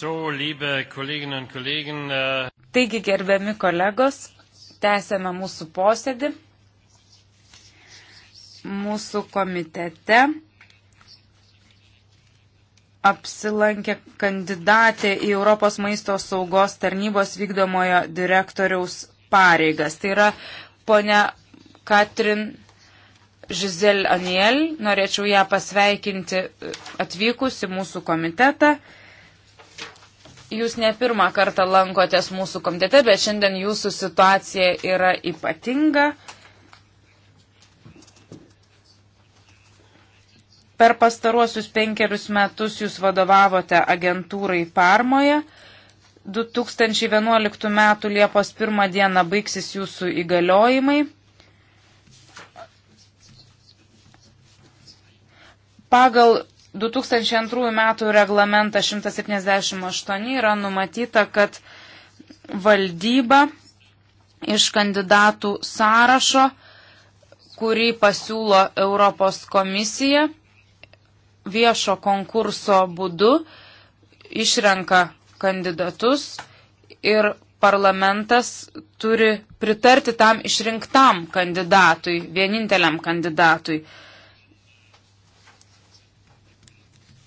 So, liebe Kolleginnen und Kollegen. Äh, Taigi, gerbiami kolegos, tęsėme mūsų posėdį. Mūsų komitete apsilankė kandidatė į Europos maisto saugos tarnybos vykdomojo direktoriaus pareigas. Tai yra ponia Katrin Žizel Aniel. Norėčiau ją pasveikinti atvykus į mūsų komitetą jūs ne pirmą kartą lankotės mūsų komitete, bet šiandien jūsų situacija yra ypatinga. Per pastaruosius penkerius metus jūs vadovavote agentūrai Parmoje. 2011 m. Liepos 1 d. baigsis jūsų įgaliojimai. Pagal 2002 metų reglamentą 178 yra numatyta, kad valdyba iš kandidatų sąrašo, kurį pasiūlo Europos komisija, viešo konkurso būdu išrenka kandidatus ir parlamentas turi pritarti tam išrinktam kandidatui, vieninteliam kandidatui.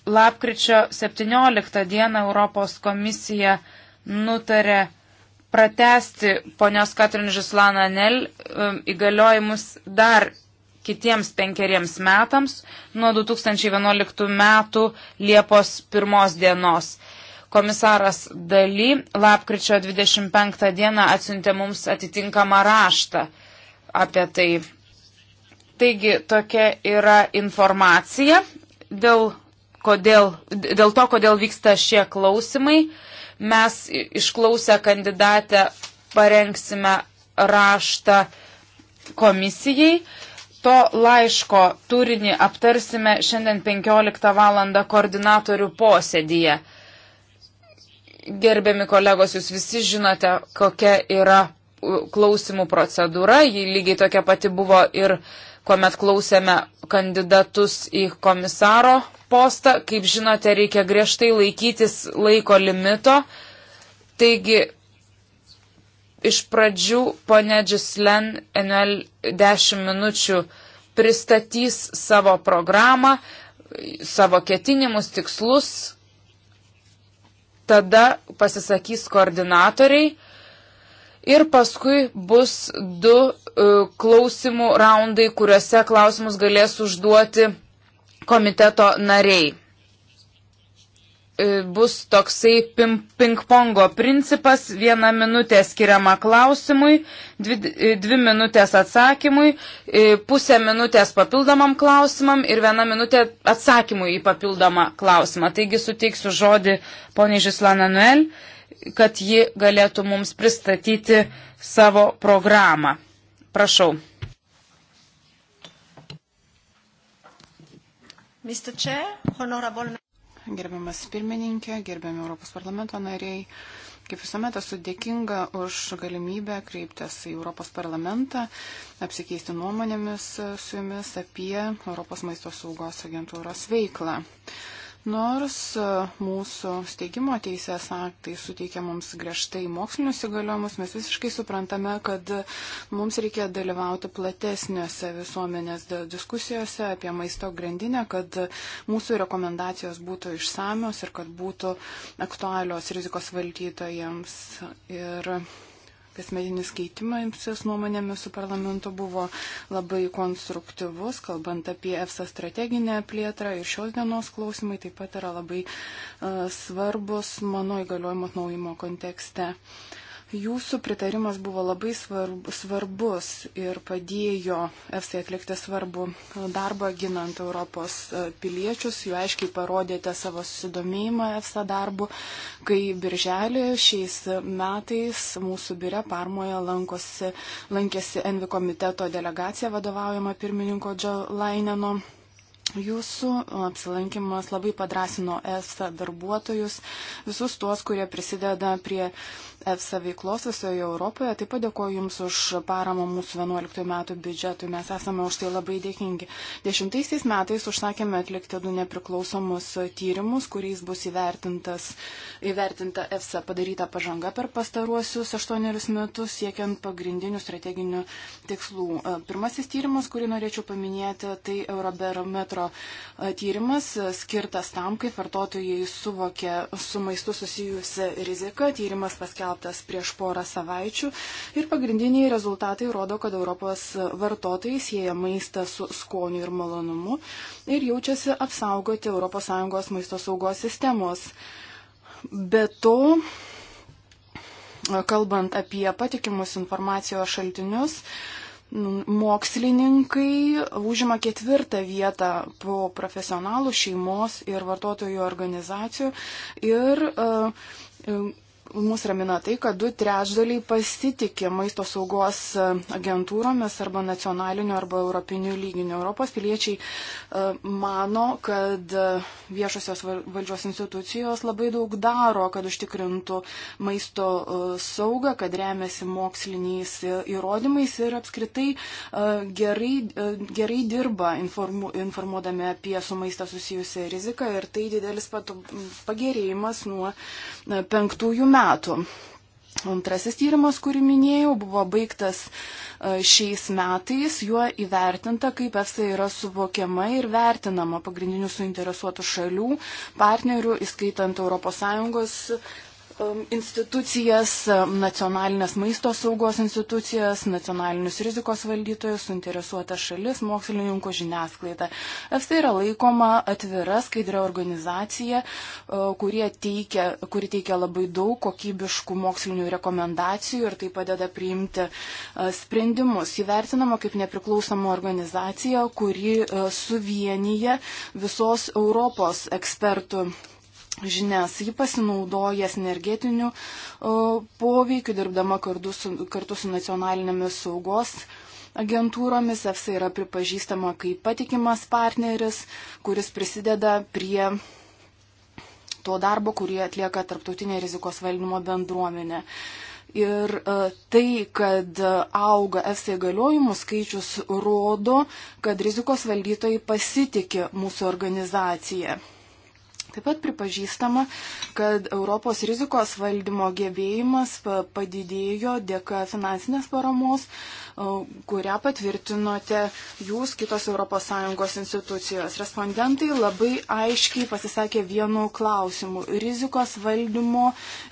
lapkričio 17 dieną Europos komisija nutarė pratesti ponios Katrin Žislan Anel um, įgaliojimus dar kitiems penkeriems metams nuo 2011 metų Liepos pirmos dienos. Komisaras Daly lapkričio 25 dieną atsiuntė mums atitinkamą raštą apie tai. Taigi tokia yra informacija dėl kodėl, dėl to, kodėl vyksta šie klausimai. Mes išklausę kandidatę parengsime raštą komisijai. To laiško turinį aptarsime šiandien 15 val. koordinatorių posėdyje. Gerbiami kolegos, jūs visi žinote, kokia yra klausimų procedūra. Ji lygiai tokia pati buvo ir uh, kuomet klausėme kandidatus į komisaro postą. Kaip žinote, reikia griežtai laikytis laiko limito. Taigi, iš pradžių ponė Džislen NL 10 minučių pristatys savo programą, savo ketinimus, tikslus. Tada pasisakys koordinatoriai Ir paskui bus du uh, klausimų raundai, kuriuose klausimus galės užduoti komiteto nariai. Uh, bus toksai ping-pongo principas, viena minutė skiriama klausimui, dvi, e, dvi minutės atsakymui, pusę minutės papildomam klausimam ir viena minutė atsakymui į papildomą klausimą. Taigi suteiksiu žodį poniai Žislan Anuel. Uh, kad ji galėtų mums pristatyti savo programą. Prašau. Gerbiamas pirmininkė, gerbiami Europos parlamento nariai, kaip visuomet esu dėkinga už galimybę kreiptis į Europos parlamentą, apsikeisti nuomonėmis su jumis apie Europos maisto saugos agentūros veiklą. Nors e, mūsų steigimo teisės aktai suteikia mums griežtai mokslinius įgaliojimus, mes visiškai suprantame, kad mums reikia dalyvauti platesniuose visuomenės diskusijose apie maisto grandinę, kad mūsų rekomendacijos būtų išsamios ir kad būtų aktualios rizikos valdytojams. Ir kasmetinis keitimasis nuomonėmis su parlamentu buvo labai konstruktyvus, kalbant apie EFSA strateginę plėtrą ir šios dienos klausimai taip pat yra labai uh, svarbus mano įgaliojimo atnaujimo kontekste. Uh, Jūsų pritarimas buvo labai svarbus ir padėjo EFSA atlikti svarbų darbą ginant Europos e, piliečius. Jų aiškiai parodėte savo susidomėjimą EFSA darbu, kai birželį šiais metais mūsų biure Parmoje lankosi, lankėsi Envi komiteto delegacija vadovaujama pirmininko Džo Laineno. Jūsų apsilankimas labai padrasino ESA darbuotojus, visus tuos, kurie prisideda prie EFSA veiklos visoje Europoje. Taip pat dėkoju Jums už paramą mūsų 11 metų biudžetui. Mes esame už tai labai dėkingi. Dešimtaisiais metais užsakėme atlikti du nepriklausomus tyrimus, kuriais bus įvertinta EFSA padaryta pažanga per pastaruosius 8 metus siekiant pagrindinių strateginių tikslų. E, pirmasis tyrimas, kurį norėčiau paminėti, tai Eurobarometro e, tyrimas e, skirtas tam, kaip vartotojai suvokia su maistu susijusią riziką. Tyrimas paskelbė paskelbtas prieš porą savaičių. Ir pagrindiniai rezultatai rodo, kad Europos vartotojai sieja maistą su skoniu ir malonumu ir jaučiasi apsaugoti ES maisto saugos sistemos. Be to, kalbant apie patikimus informacijos šaltinius, mokslininkai užima ketvirtą vietą po profesionalų šeimos ir vartotojų organizacijų ir uh, mus ramina tai, kad du trečdaliai pasitikė maisto saugos e, agentūromis arba nacionaliniu arba europiniu lyginiu. Europos piliečiai e, mano, kad e, viešosios valdžios institucijos labai daug daro, kad užtikrintų maisto saugą, kad remiasi moksliniais įrodymais ir apskritai gerai, gerai dirba informu, informuodami apie su maistą susijusią riziką ir tai didelis pagėrėjimas nuo penktųjų metų metų. Antrasis tyrimas, kurį minėjau, buvo baigtas e, šiais metais, juo įvertinta, kaip EFSA yra suvokiama ir vertinama pagrindinių suinteresuotų šalių, partnerių, įskaitant ES Um, institucijas, um, nacionalinės maisto saugos institucijas, nacionalinius rizikos valdytojus, suinteresuotas šalis, mokslininkų žiniasklaidą. EFSA yra laikoma atvira, skaidrė organizacija, uh, teikia, kuri teikia labai daug kokybiškų mokslinių rekomendacijų ir tai padeda priimti uh, sprendimus. Įvertinama kaip nepriklausoma organizacija, kuri uh, suvienyje visos Europos ekspertų žinias. Ji pasinaudoja energetiniu poveikiu, dirbdama kartu su, kartu su nacionalinėmis saugos agentūromis. EFSA yra pripažįstama kaip patikimas partneris, kuris prisideda prie to darbo, kurį atlieka tarptautinė rizikos valdymo bendruomenė. Ir e, tai, kad auga EFSA įgaliojimų skaičius, rodo, kad rizikos valdytojai pasitikė mūsų organizaciją. Taip pat pripažįstama, kad Europos rizikos valdymo gebėjimas padidėjo dėka finansinės paramos, kurią patvirtinote jūs kitos ES institucijos. Respondentai labai aiškiai pasisakė vienu klausimu - rizikos valdymo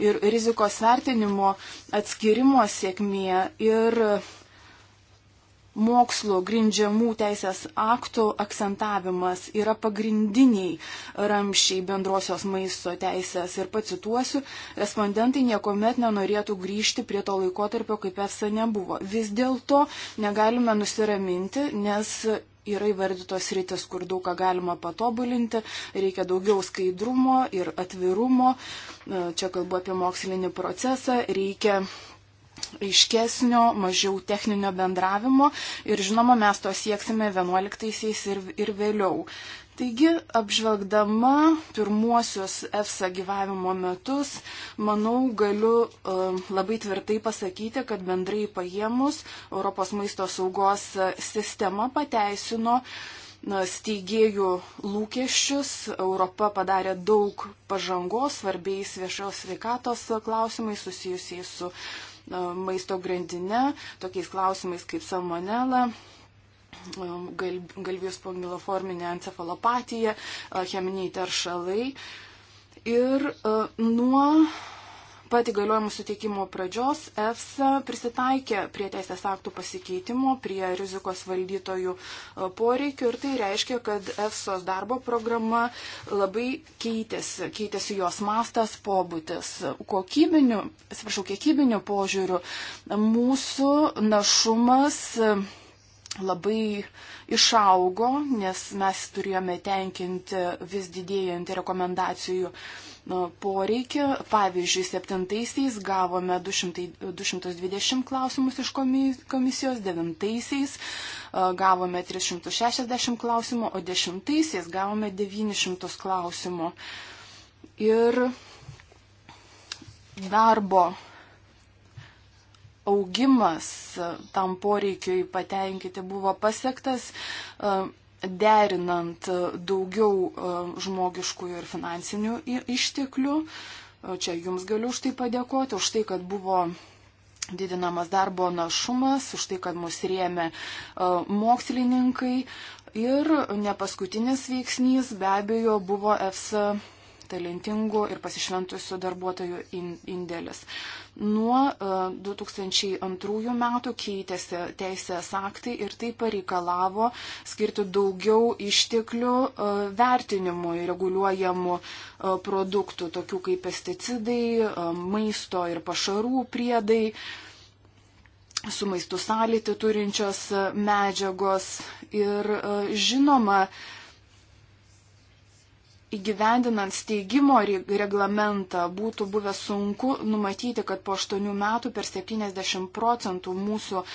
ir rizikos vertinimo atskirimo sėkmė ir mokslo grindžiamų teisės aktų akcentavimas yra pagrindiniai ramšiai bendrosios maisto teisės. Ir pacituosiu, respondentai niekuomet nenorėtų grįžti prie to laikotarpio, kaip esą nebuvo. Vis dėlto negalime nusiraminti, nes yra įvardytos rytis, kur daug ką galima patobulinti, reikia daugiau skaidrumo ir atvirumo, čia kalbu apie mokslinį procesą, reikia aiškesnio, mažiau techninio bendravimo ir žinoma, mes to sieksime 11-aisiais ir, ir vėliau. Taigi, apžvelgdama pirmuosius EFSA gyvavimo metus, manau, galiu uh, labai tvirtai pasakyti, kad bendrai paėmus Europos maisto saugos sistema pateisino na, steigėjų lūkesčius. Europa padarė daug pažangos svarbiais viešos sveikatos klausimais susijusiais su uh, E, maisto grandinę, tokiais klausimais kaip salmonela, e, galvijos spongiloforminė encefalopatija, e, cheminiai teršalai. Ir nuo pat įgaliojimų suteikimo pradžios EFSA prisitaikė prie teisės aktų pasikeitimo, prie rizikos valdytojų e, poreikių ir tai reiškia, kad EFSOS darbo programa labai keitėsi, keitėsi jos mastas, pobūtis. Kokybiniu, atsiprašau, kiekybiniu požiūriu mūsų našumas e, labai išaugo, nes mes turėjome tenkinti vis didėjantį rekomendacijų uh, poreikį. Pavyzdžiui, septintaisiais gavome 200, 220 klausimus iš komisijos, devintaisiais e, gavome 360 klausimų, o dešimtaisiais gavome 900 klausimų. Ir darbo augimas tam poreikiui patenkinti buvo pasiektas e, derinant daugiau e, žmogiškųjų ir finansinių išteklių. E, čia jums galiu už tai padėkoti, už tai, kad buvo didinamas darbo našumas, už tai, kad mus rėmė e, mokslininkai. Ir ne paskutinis veiksnys be abejo buvo EFSA talentingų ir pasišventusių darbuotojų indėlis. In Nuo 2002 e, metų keitėsi teisės aktai ir tai pareikalavo skirti daugiau išteklių e, vertinimui reguliuojamų e, produktų, tokių kaip pesticidai, maisto ir pašarų priedai su maistu sąlyti turinčios medžiagos ir žinoma, įgyvendinant steigimo reglamentą būtų buvę sunku numatyti, kad po 8 metų per 70 procentų mūsų e,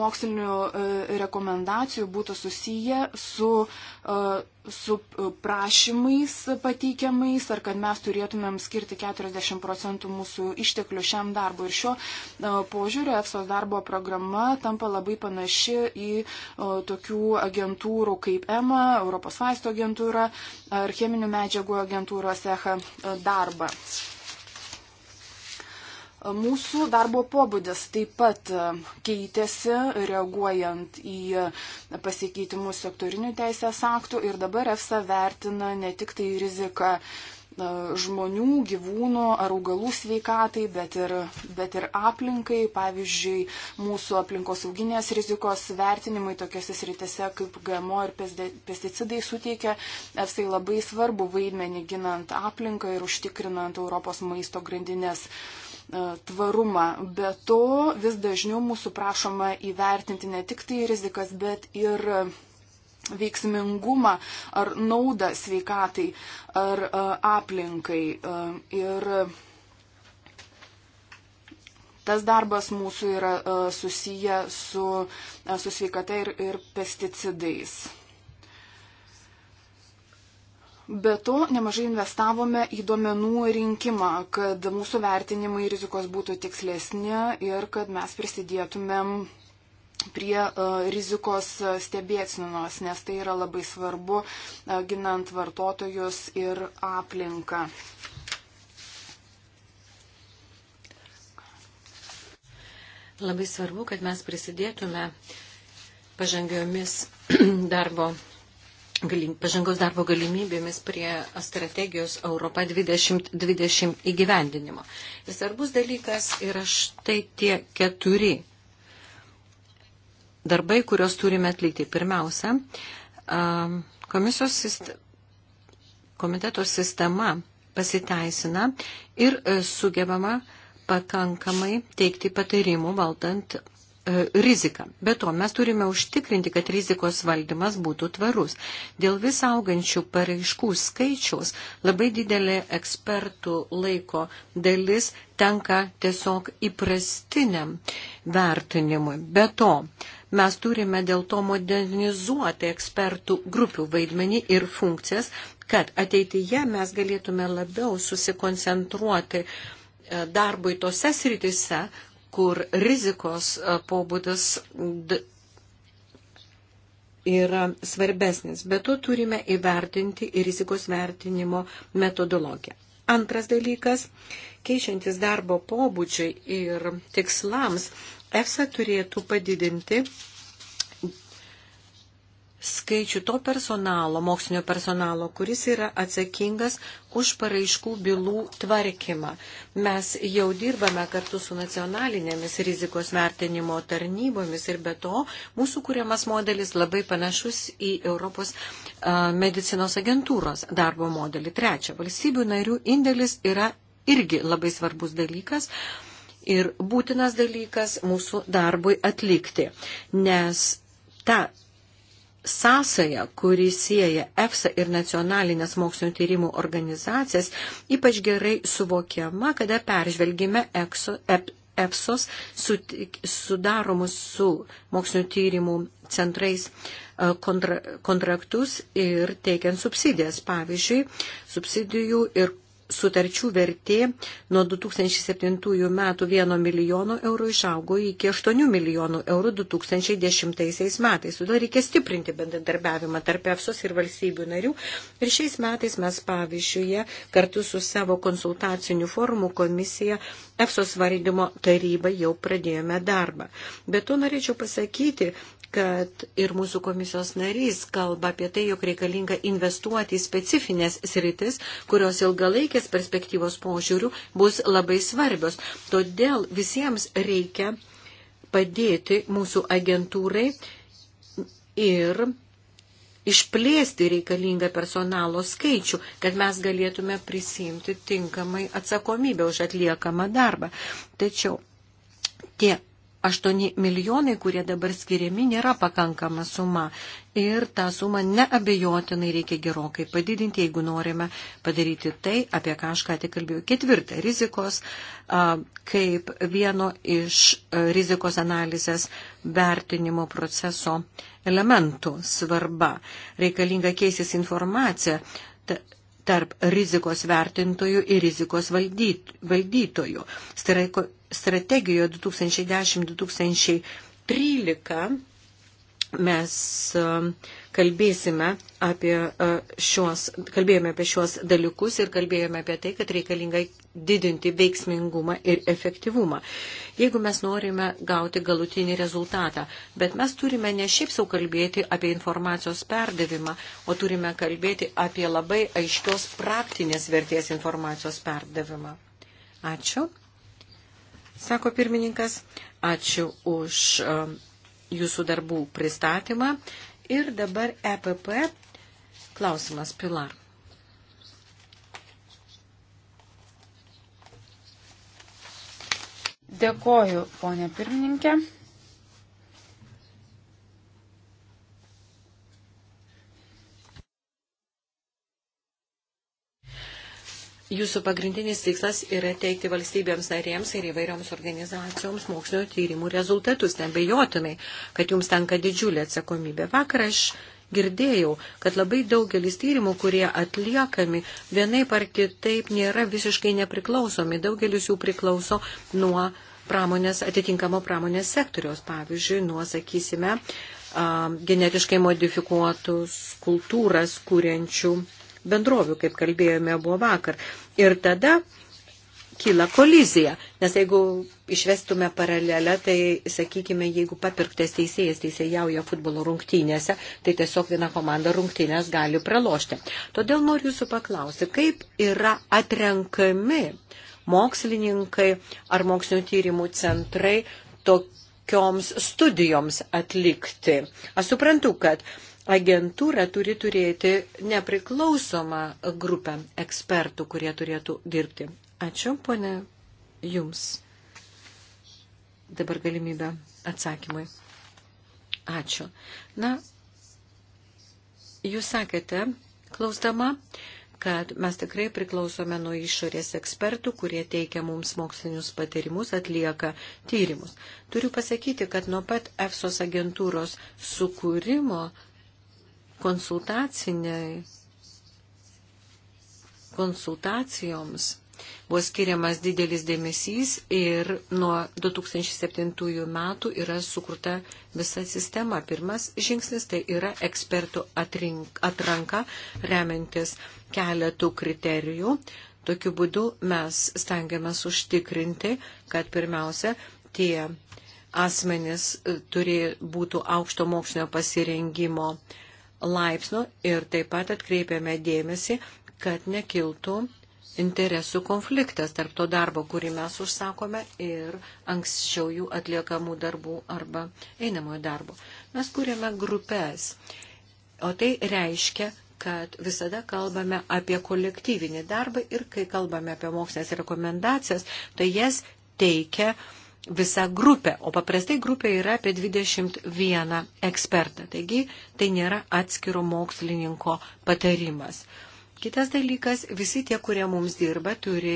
mokslinių e, rekomendacijų būtų susiję su e, su e, prašymais pateikiamais, ar kad mes turėtumėm skirti 40 procentų mūsų išteklių šiam darbui. Ir šio e, požiūrio EFSOS darbo programa tampa labai panaši į e, tokių agentūrų kaip EMA, Europos vaisto agentūra ar cheminių medžiagų agentūros EHA darbą. Mūsų darbo pobūdis taip pat e, keitėsi, reaguojant į e, pasikeitimus sektorinių teisės aktų ir dabar EFSA vertina ne tik tai riziką e, žmonių, gyvūnų ar augalų sveikatai, bet ir, bet ir aplinkai, pavyzdžiui, mūsų aplinkosauginės rizikos vertinimai tokiose sritise kaip GMO ir pesticidai suteikia EFSA labai svarbu vaidmenį ginant aplinką ir užtikrinant Europos maisto grandinės uh, E, tvarumą. Be to, vis dažniau mūsų prašoma įvertinti ne tik tai rizikas, bet ir veiksmingumą ar naudą sveikatai ar e, aplinkai. E, ir tas darbas mūsų yra susiję su, su sveikata ir, ir pesticidais. Be to, nemažai investavome į duomenų rinkimą, kad mūsų vertinimai rizikos būtų tikslesni ir kad mes prisidėtumėm prie e, rizikos stebėtsinos, nes tai yra labai svarbu e, ginant vartotojus ir aplinką. Labai svarbu, kad mes prisidėtume pažangiomis darbo pažangos darbo galimybėmis prie strategijos Europa 2020 įgyvendinimo. Ir svarbus dalykas yra štai tie keturi darbai, kuriuos turime atlikti. Pirmiausia, komisijos sistema, komiteto sistema pasiteisina ir e, sugebama pakankamai teikti patarimų valdant E, riziką. Be to, mes turime užtikrinti, kad rizikos valdymas būtų tvarus. Dėl vis augančių pareiškų skaičiaus labai didelė ekspertų laiko dalis tenka tiesiog įprastiniam vertinimui. Be to, mes turime dėl to modernizuoti ekspertų grupių vaidmenį ir funkcijas, kad ateityje mes galėtume labiau susikoncentruoti e, darbui tose sritise, kur rizikos e, pobūdis yra svarbesnis. Bet to turime įvertinti ir rizikos vertinimo metodologiją. Antras dalykas, keičiantis darbo pobūdžiai ir tikslams, EFSA turėtų padidinti skaičių to personalo, mokslinio personalo, kuris yra atsakingas už paraiškų bylų tvarkymą. Mes jau dirbame kartu su nacionalinėmis rizikos vertinimo tarnybomis ir be to mūsų kūriamas modelis labai panašus į Europos a, medicinos agentūros darbo modelį. Trečia, valstybių narių indėlis yra irgi labai svarbus dalykas ir būtinas dalykas mūsų darbui atlikti, nes ta sąsaja, kuri sieja EFSA ir nacionalinės mokslinio tyrimų organizacijas, ypač gerai suvokiama, kada peržvelgime EXO, EFSOS sudaromus su mokslinio tyrimų centrais e, kontra, kontraktus ir teikiant subsidijas. Pavyzdžiui, subsidijų ir sutarčių vertė nuo 2007 metų 1 milijono eurų išaugo iki 8 milijonų eurų 2010 metais. Todėl reikia stiprinti bendradarbiavimą tarp EFSOS ir valstybių narių. Ir šiais metais mes pavyzdžiui kartu su savo konsultacinių formų komisija EFSOS valdymo taryba jau pradėjome darbą. Bet to norėčiau pasakyti, kad ir mūsų komisijos narys kalba apie tai, jog reikalinga investuoti į specifines sritis, kurios ilgalaikės perspektyvos požiūrių bus labai svarbios. Todėl visiems reikia padėti mūsų agentūrai ir išplėsti reikalingą personalo skaičių, kad mes galėtume prisimti tinkamai atsakomybę už atliekamą darbą. Tačiau tie 8 milijonai, kurie dabar skiriami, nėra pakankama suma. Ir tą sumą neabejotinai reikia gerokai padidinti, jeigu norime padaryti tai, apie ką aš ką tik kalbėjau. Ketvirta, rizikos, kaip vieno iš rizikos analizės vertinimo proceso elementų svarba. Reikalinga keisis informacija tarp rizikos vertintojų ir rizikos valdyt, valdytojų. Tai yra strategijoje 2010-2013 mes e, kalbėsime apie e, šios, kalbėjome apie šios dalykus ir kalbėjome apie tai, kad reikalinga didinti veiksmingumą ir efektyvumą. Jeigu mes norime gauti galutinį rezultatą, bet mes turime ne šiaip sau kalbėti apie informacijos perdavimą, o turime kalbėti apie labai aiškios praktinės vertės informacijos perdavimą. Ačiū sako pirmininkas. Ačiū už um, jūsų darbų pristatymą. Ir dabar EPP klausimas Pilar. Dėkoju, ponė pirmininkė. Jūsų pagrindinis tikslas yra teikti valstybėms narėms ir įvairioms organizacijoms mokslinio tyrimų rezultatus. Nebejotinai, kad jums tenka didžiulė atsakomybė. Vakar aš girdėjau, kad labai daugelis tyrimų, kurie atliekami vienai par kitaip, nėra visiškai nepriklausomi. Daugelis jų priklauso nuo pramonės, atitinkamo pramonės sektoriaus, pavyzdžiui, nuo, sakysime, genetiškai modifikuotus kultūras kūrenčių bendrovių, kaip kalbėjome, buvo vakar. Ir tada kyla kolizija, nes jeigu išvestume paralelę, tai sakykime, jeigu papirktas teisėjas teisėjauja futbolo rungtynėse, tai tiesiog viena komanda rungtynės gali pralošti. Todėl noriu jūsų paklausti, kaip yra atrenkami mokslininkai ar mokslinio tyrimų centrai tokioms studijoms atlikti. Aš suprantu, kad agentūra turi turėti nepriklausomą grupę ekspertų, kurie turėtų dirbti. Ačiū, ponė, jums. Dabar galimybę atsakymui. Ačiū. Na, jūs sakėte, klausdama, kad mes tikrai priklausome nuo išorės ekspertų, kurie teikia mums mokslinius patarimus, atlieka tyrimus. Turiu pasakyti, kad nuo pat EFSOS agentūros sukūrimo konsultaciniai konsultacijoms buvo skiriamas didelis dėmesys ir nuo 2007 metų yra sukurta visa sistema. Pirmas žingsnis tai yra ekspertų atrink, atranka remiantis keletų kriterijų. Tokiu būdu mes stengiamės užtikrinti, kad pirmiausia tie asmenys e, turi būtų aukšto mokslinio pasirengimo uh, laipsnio ir taip pat atkreipiame dėmesį, kad nekiltų interesų konfliktas tarp to darbo, kurį mes užsakome ir anksčiau jų atliekamų darbų arba einamojo darbo. Mes kūrėme grupės, o tai reiškia, kad visada kalbame apie kolektyvinį darbą ir kai kalbame apie mokslinės rekomendacijas, tai jas teikia uh, visą grupę, o paprastai grupė yra apie 21 ekspertą. Taigi tai nėra atskiro mokslininko patarimas. Kitas dalykas, visi tie, kurie mums dirba, turi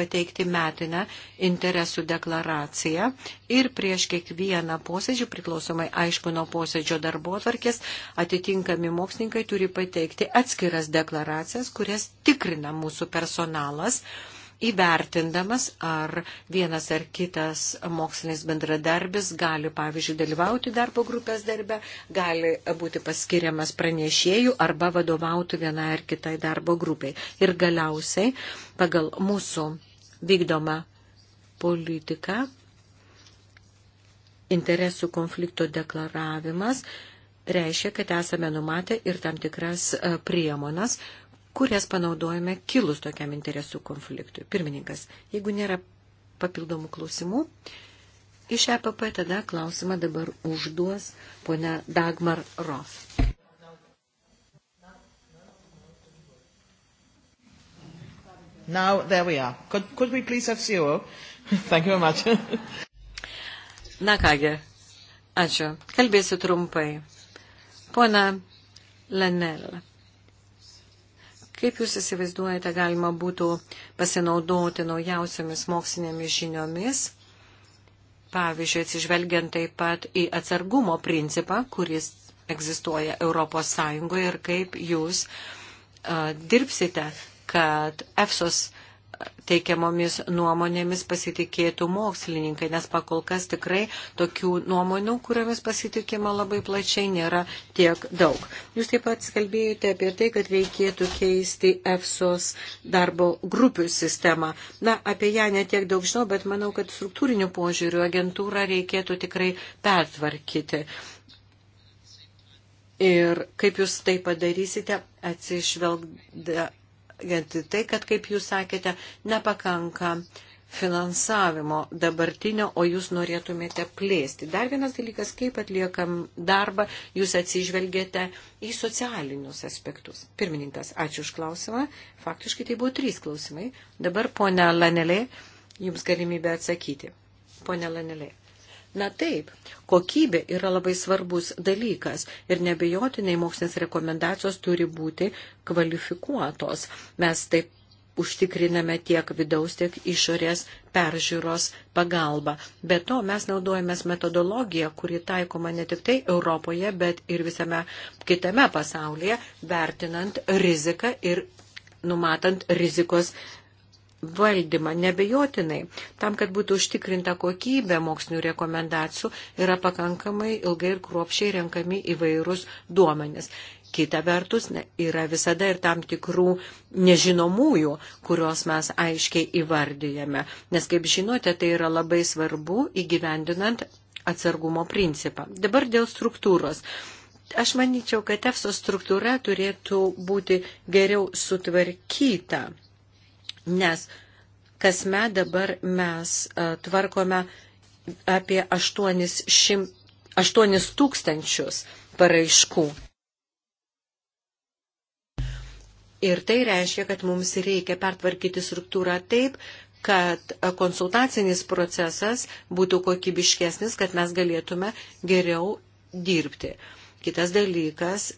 pateikti metinę interesų deklaraciją ir prieš kiekvieną posėdžių, priklausomai aišku nuo posėdžio darbo atvarkės, atitinkami mokslininkai turi pateikti atskiras deklaracijas, kurias tikrina mūsų personalas. Uh, įvertindamas, ar vienas ar kitas mokslinis bendradarbis gali, pavyzdžiui, dalyvauti darbo grupės darbe, gali būti paskiriamas pranešėjų arba vadovauti vienai ar kitai darbo grupiai. Ir galiausiai pagal mūsų vykdomą politiką, interesų konflikto deklaravimas reiškia, kad esame numatę ir tam tikras e, priemonas, kur jas panaudojame kilus tokiam interesų konfliktui. Pirmininkas, jeigu nėra papildomų klausimų, iš EPP tada klausimą dabar užduos ponia Dagmar Roth. Now, there we are. Could, could we please have zero? Thank you very much. Na kągi, ačiū. Kalbėsiu trumpai. Pona Lenel. Kaip Jūs įsivaizduojate, galima būtų pasinaudoti naujausiamis mokslinėmis žiniomis, pavyzdžiui, atsižvelgiant taip pat į atsargumo principą, kuris egzistuoja Europos Sąjungoje ir kaip Jūs uh, dirbsite, kad EFSOS uh, teikiamomis nuomonėmis pasitikėtų mokslininkai, nes pakol kas tikrai tokių nuomonių, kuriomis pasitikima labai plačiai, nėra tiek daug. Jūs taip pat kalbėjote apie tai, kad reikėtų keisti EFSOS darbo grupių sistemą. Na, apie ją netiek daug žinau, bet manau, kad struktūrinių požiūrių agentūrą reikėtų tikrai pertvarkyti. Ir kaip jūs tai padarysite, atsižvelgdami atsižvelgiant į tai, kad, kaip jūs sakėte, nepakanka finansavimo dabartinio, o jūs norėtumėte plėsti. Dar vienas dalykas, kaip atliekam darbą, jūs atsižvelgėte į socialinius aspektus. Pirmininkas, ačiū už klausimą. Faktiškai tai buvo trys klausimai. Dabar, ponia Lanelė, jums galimybė atsakyti. Ponia Lanelė. Na taip, kokybė yra labai svarbus dalykas ir nebejotinai mokslinės rekomendacijos turi būti kvalifikuotos. Mes taip užtikriname tiek vidaus, tiek išorės peržiūros pagalba. Be to, mes naudojame metodologiją, kuri taikoma ne tik tai Europoje, bet ir visame kitame pasaulyje, vertinant riziką ir numatant rizikos valdymą. Nebejotinai, tam, kad būtų užtikrinta kokybė mokslinių rekomendacijų, yra pakankamai ilgai ir kruopšiai renkami įvairūs duomenės. Kita vertus, yra visada ir tam tikrų nežinomųjų, kuriuos mes aiškiai įvardyjame. Nes, kaip žinote, tai yra labai svarbu įgyvendinant atsargumo principą. Dabar dėl struktūros. Aš manyčiau, kad EFSO struktūra turėtų būti geriau sutvarkyta nes kasme dabar mes e, tvarkome apie 800, 8 tūkstančius paraiškų. Ir tai reiškia, kad mums reikia pertvarkyti struktūrą taip, kad e, konsultacinis procesas būtų kokybiškesnis, kad mes galėtume geriau dirbti. Kitas dalykas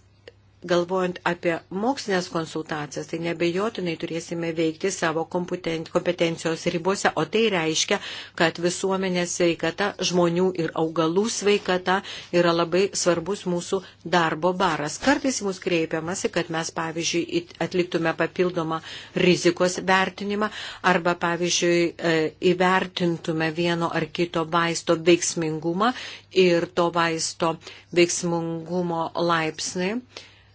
galvojant apie mokslinės konsultacijas, tai nebejotinai turėsime veikti savo kompetencijos ribose, o tai reiškia, kad visuomenės sveikata, žmonių ir augalų sveikata yra labai svarbus mūsų darbo baras. Kartais mus kreipiamasi, kad mes, pavyzdžiui, atliktume papildomą rizikos vertinimą arba, pavyzdžiui, e, įvertintume vieno ar kito vaisto veiksmingumą ir to vaisto veiksmingumo laipsnį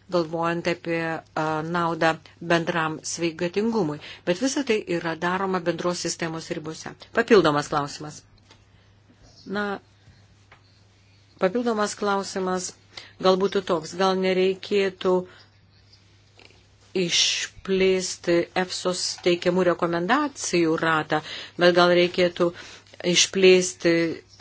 galvojant apie naudą bendram sveigatingumui. Bet visa tai yra daroma bendros sistemos ribose. Papildomas klausimas. Na, papildomas klausimas galbūt toks. Gal nereikėtų išplėsti EFSOS teikiamų rekomendacijų ratą, bet gal reikėtų uh, išplėsti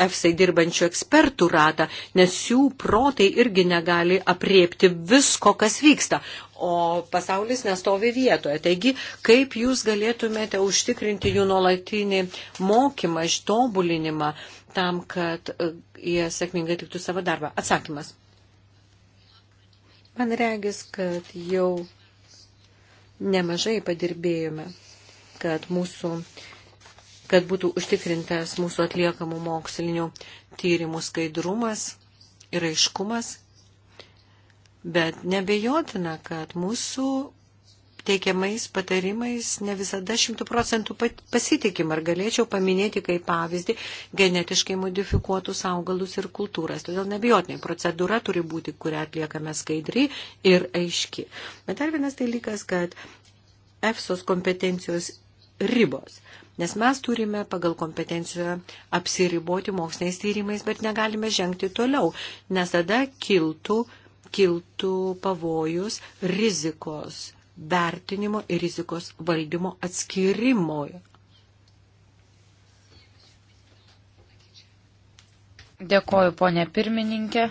EFSA dirbančių ekspertų ratą, nes jų protai irgi negali apriepti visko, kas vyksta, o pasaulis nestovi vietoje. Taigi, kaip jūs galėtumėte užtikrinti jų nuolatinį mokymą, ištobulinimą tam, kad e, jie sėkmingai atliktų savo darbą? Atsakymas. Man regis, kad jau nemažai padirbėjome, kad mūsų uh, kad būtų užtikrintas mūsų atliekamų mokslinių tyrimų skaidrumas ir aiškumas, bet nebejotina, kad mūsų teikiamais patarimais ne visada šimtų procentų pasitikim. Ar galėčiau paminėti kaip pavyzdį genetiškai modifikuotus augalus ir kultūras. Todėl nebijotinai procedūra turi būti, kurią atliekame skaidri ir aiški. Bet dar vienas dalykas, kad EFSOS kompetencijos ribos. Nes mes turime pagal kompetenciją apsiriboti moksliniais tyrimais, bet negalime žengti toliau, nes tada kiltų, kiltų pavojus rizikos vertinimo ir rizikos valdymo atskirimo. Dėkoju, ponė pirmininkė.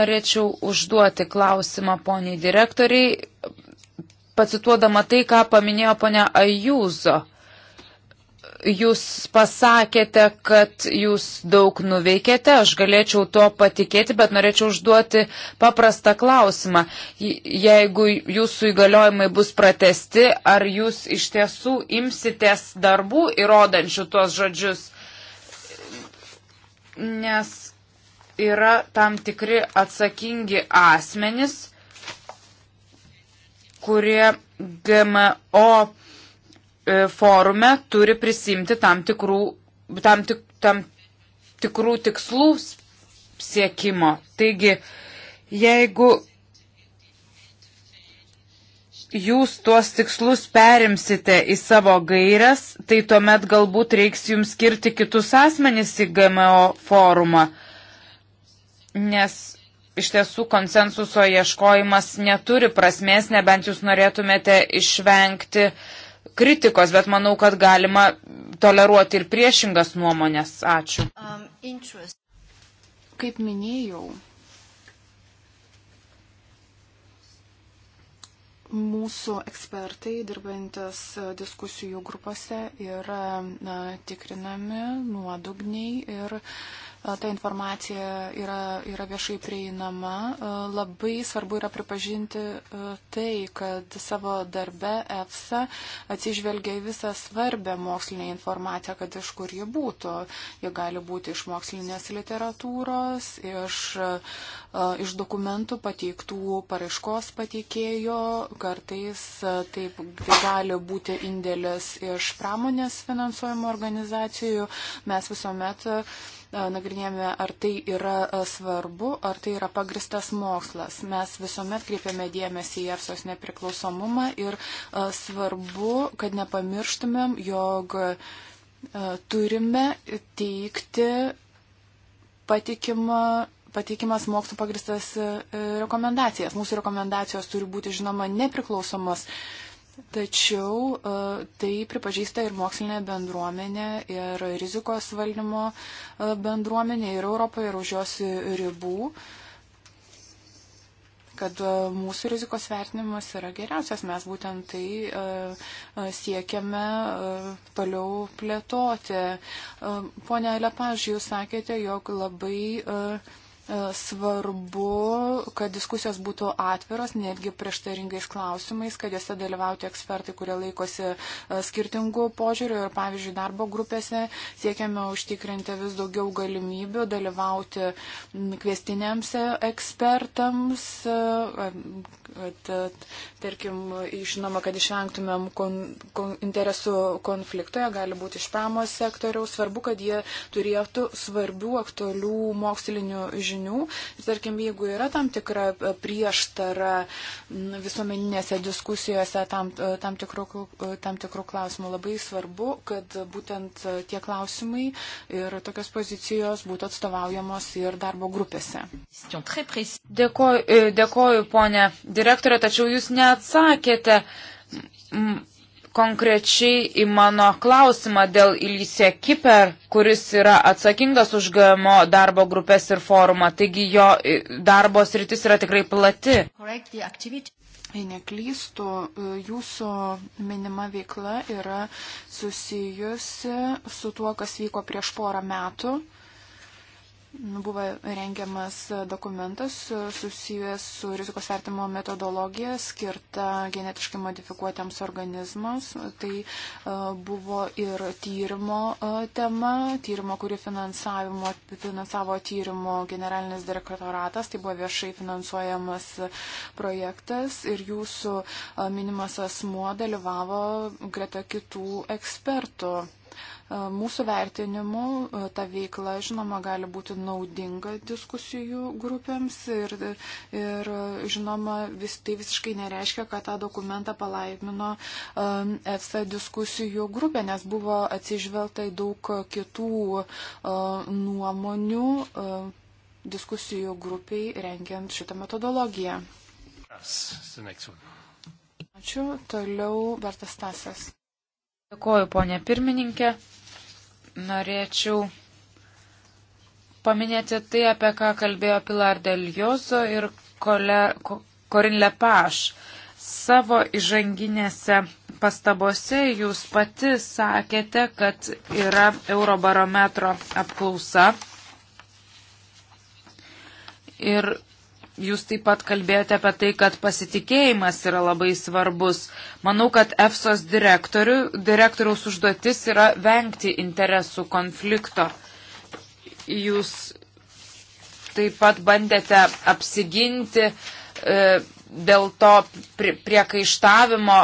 Norėčiau užduoti klausimą poniai direktoriai pacituodama tai, ką paminėjo ponia Ajūzo. Jūs pasakėte, kad jūs daug nuveikėte, aš galėčiau tuo patikėti, bet norėčiau užduoti paprastą klausimą. Jeigu jūsų įgaliojimai bus pratesti, ar jūs iš tiesų imsitės darbų įrodančių tuos žodžius? Nes yra tam tikri atsakingi asmenys kurie GMO e, forume turi prisimti tam tikrų, tam tik, tam tikrų tikslų siekimo. Taigi, jeigu jūs tuos tikslus perimsite į savo gairias, tai tuomet galbūt reiks jums skirti kitus asmenys į GMO forumą. Nes iš tiesų konsensuso ieškojimas neturi prasmės, nebent jūs norėtumėte išvengti kritikos, bet manau, kad galima toleruoti ir priešingas nuomonės. Ačiū. Um, Kaip minėjau, mūsų ekspertai dirbantis diskusijų grupose yra na, tikrinami nuodugniai ir uh, ta informacija yra, yra viešai prieinama. Labai svarbu yra pripažinti tai, kad savo darbe EFSA atsižvelgia į visą svarbę mokslinę informaciją, kad iš kur ji būtų. Ji gali būti iš mokslinės literatūros, iš, iš dokumentų pateiktų paraiškos pateikėjo, kartais taip tai gali būti indėlis iš pramonės finansuojimo organizacijų. Mes visuomet uh, nagrinėjame, ar tai yra svarbu, ar tai yra pagristas mokslas. Mes visuomet kreipiame dėmesį į EFSOS nepriklausomumą ir svarbu, kad nepamirštumėm, jog turime teikti patikimą pateikimas mokslo pagristas e, rekomendacijas. Mūsų rekomendacijos turi būti, žinoma, nepriklausomas uh, Tačiau e, tai pripažįsta ir mokslinė bendruomenė, ir rizikos valdymo e, bendruomenė, ir Europoje, ir už jos ribų, kad e, mūsų rizikos vertinimas yra geriausias. Mes būtent tai siekiame toliau plėtoti. Pone Lepaž, jūs sakėte, jog labai E, svarbu, kad diskusijos būtų atviros, netgi prieštaringais klausimais, kad juose dalyvauti ekspertai, kurie laikosi e, skirtingų požiūrių ir, pavyzdžiui, darbo grupėse siekiame užtikrinti vis daugiau galimybių dalyvauti kvestiniams e, ekspertams, kad, tarkim, žinoma, kad išvengtumėm kon, kon, interesų konfliktoje, gali būti iš pramos sektoriaus, svarbu, kad jie turėtų svarbių, aktualių mokslinių žinių žinių. Ir tarkim, jeigu yra tam tikra e, prieštara visuomeninėse diskusijose tam, e, tam, tikrų, e, tam tikrų klausimų, labai svarbu, kad būtent tie klausimai ir tokios pozicijos būtų atstovaujamos ir darbo grupėse. Dėkoju, dėkoju ponė direktorė, tačiau jūs neatsakėte konkrečiai į mano klausimą dėl Ilysė Kiper, kuris yra atsakingas už GMO darbo grupės ir forumą, taigi jo e, darbo sritis yra tikrai plati. Jei neklystu, e, jūsų minima veikla yra susijusi su tuo, kas vyko prieš porą metų buvo rengiamas dokumentas susijęs su rizikos vertimo metodologija skirta genetiškai modifikuotiems organizmams. Tai e, buvo ir tyrimo e, tema, tyrimo, kurį finansavo tyrimo generalinis direktoratas. Tai buvo viešai finansuojamas projektas ir jūsų e, minimas asmuo dalyvavo greta kitų ekspertų Mūsų vertinimu ta veikla, žinoma, gali būti naudinga diskusijų grupėms ir, ir žinoma, vis, tai visiškai nereiškia, kad tą dokumentą palaimino EFSA diskusijų grupė, nes buvo atsižvelgta į daug kitų nuomonių diskusijų grupiai rengiant šitą metodologiją. Ačiū. Toliau Bertas Tasas. Dėkuoju, ponė pirmininkė. Norėčiau paminėti tai, apie ką kalbėjo Pilar Del Jozo ir Kole, Ko, Korin Lepaš. Savo įžanginėse pastabose jūs pati sakėte, kad yra Eurobarometro apklausa. Ir Jūs taip pat kalbėjote apie tai, kad pasitikėjimas yra labai svarbus. Manau, kad EFSOS direktoriaus užduotis yra vengti interesų konflikto. Jūs taip pat bandėte apsiginti e, dėl to priekaištavimo,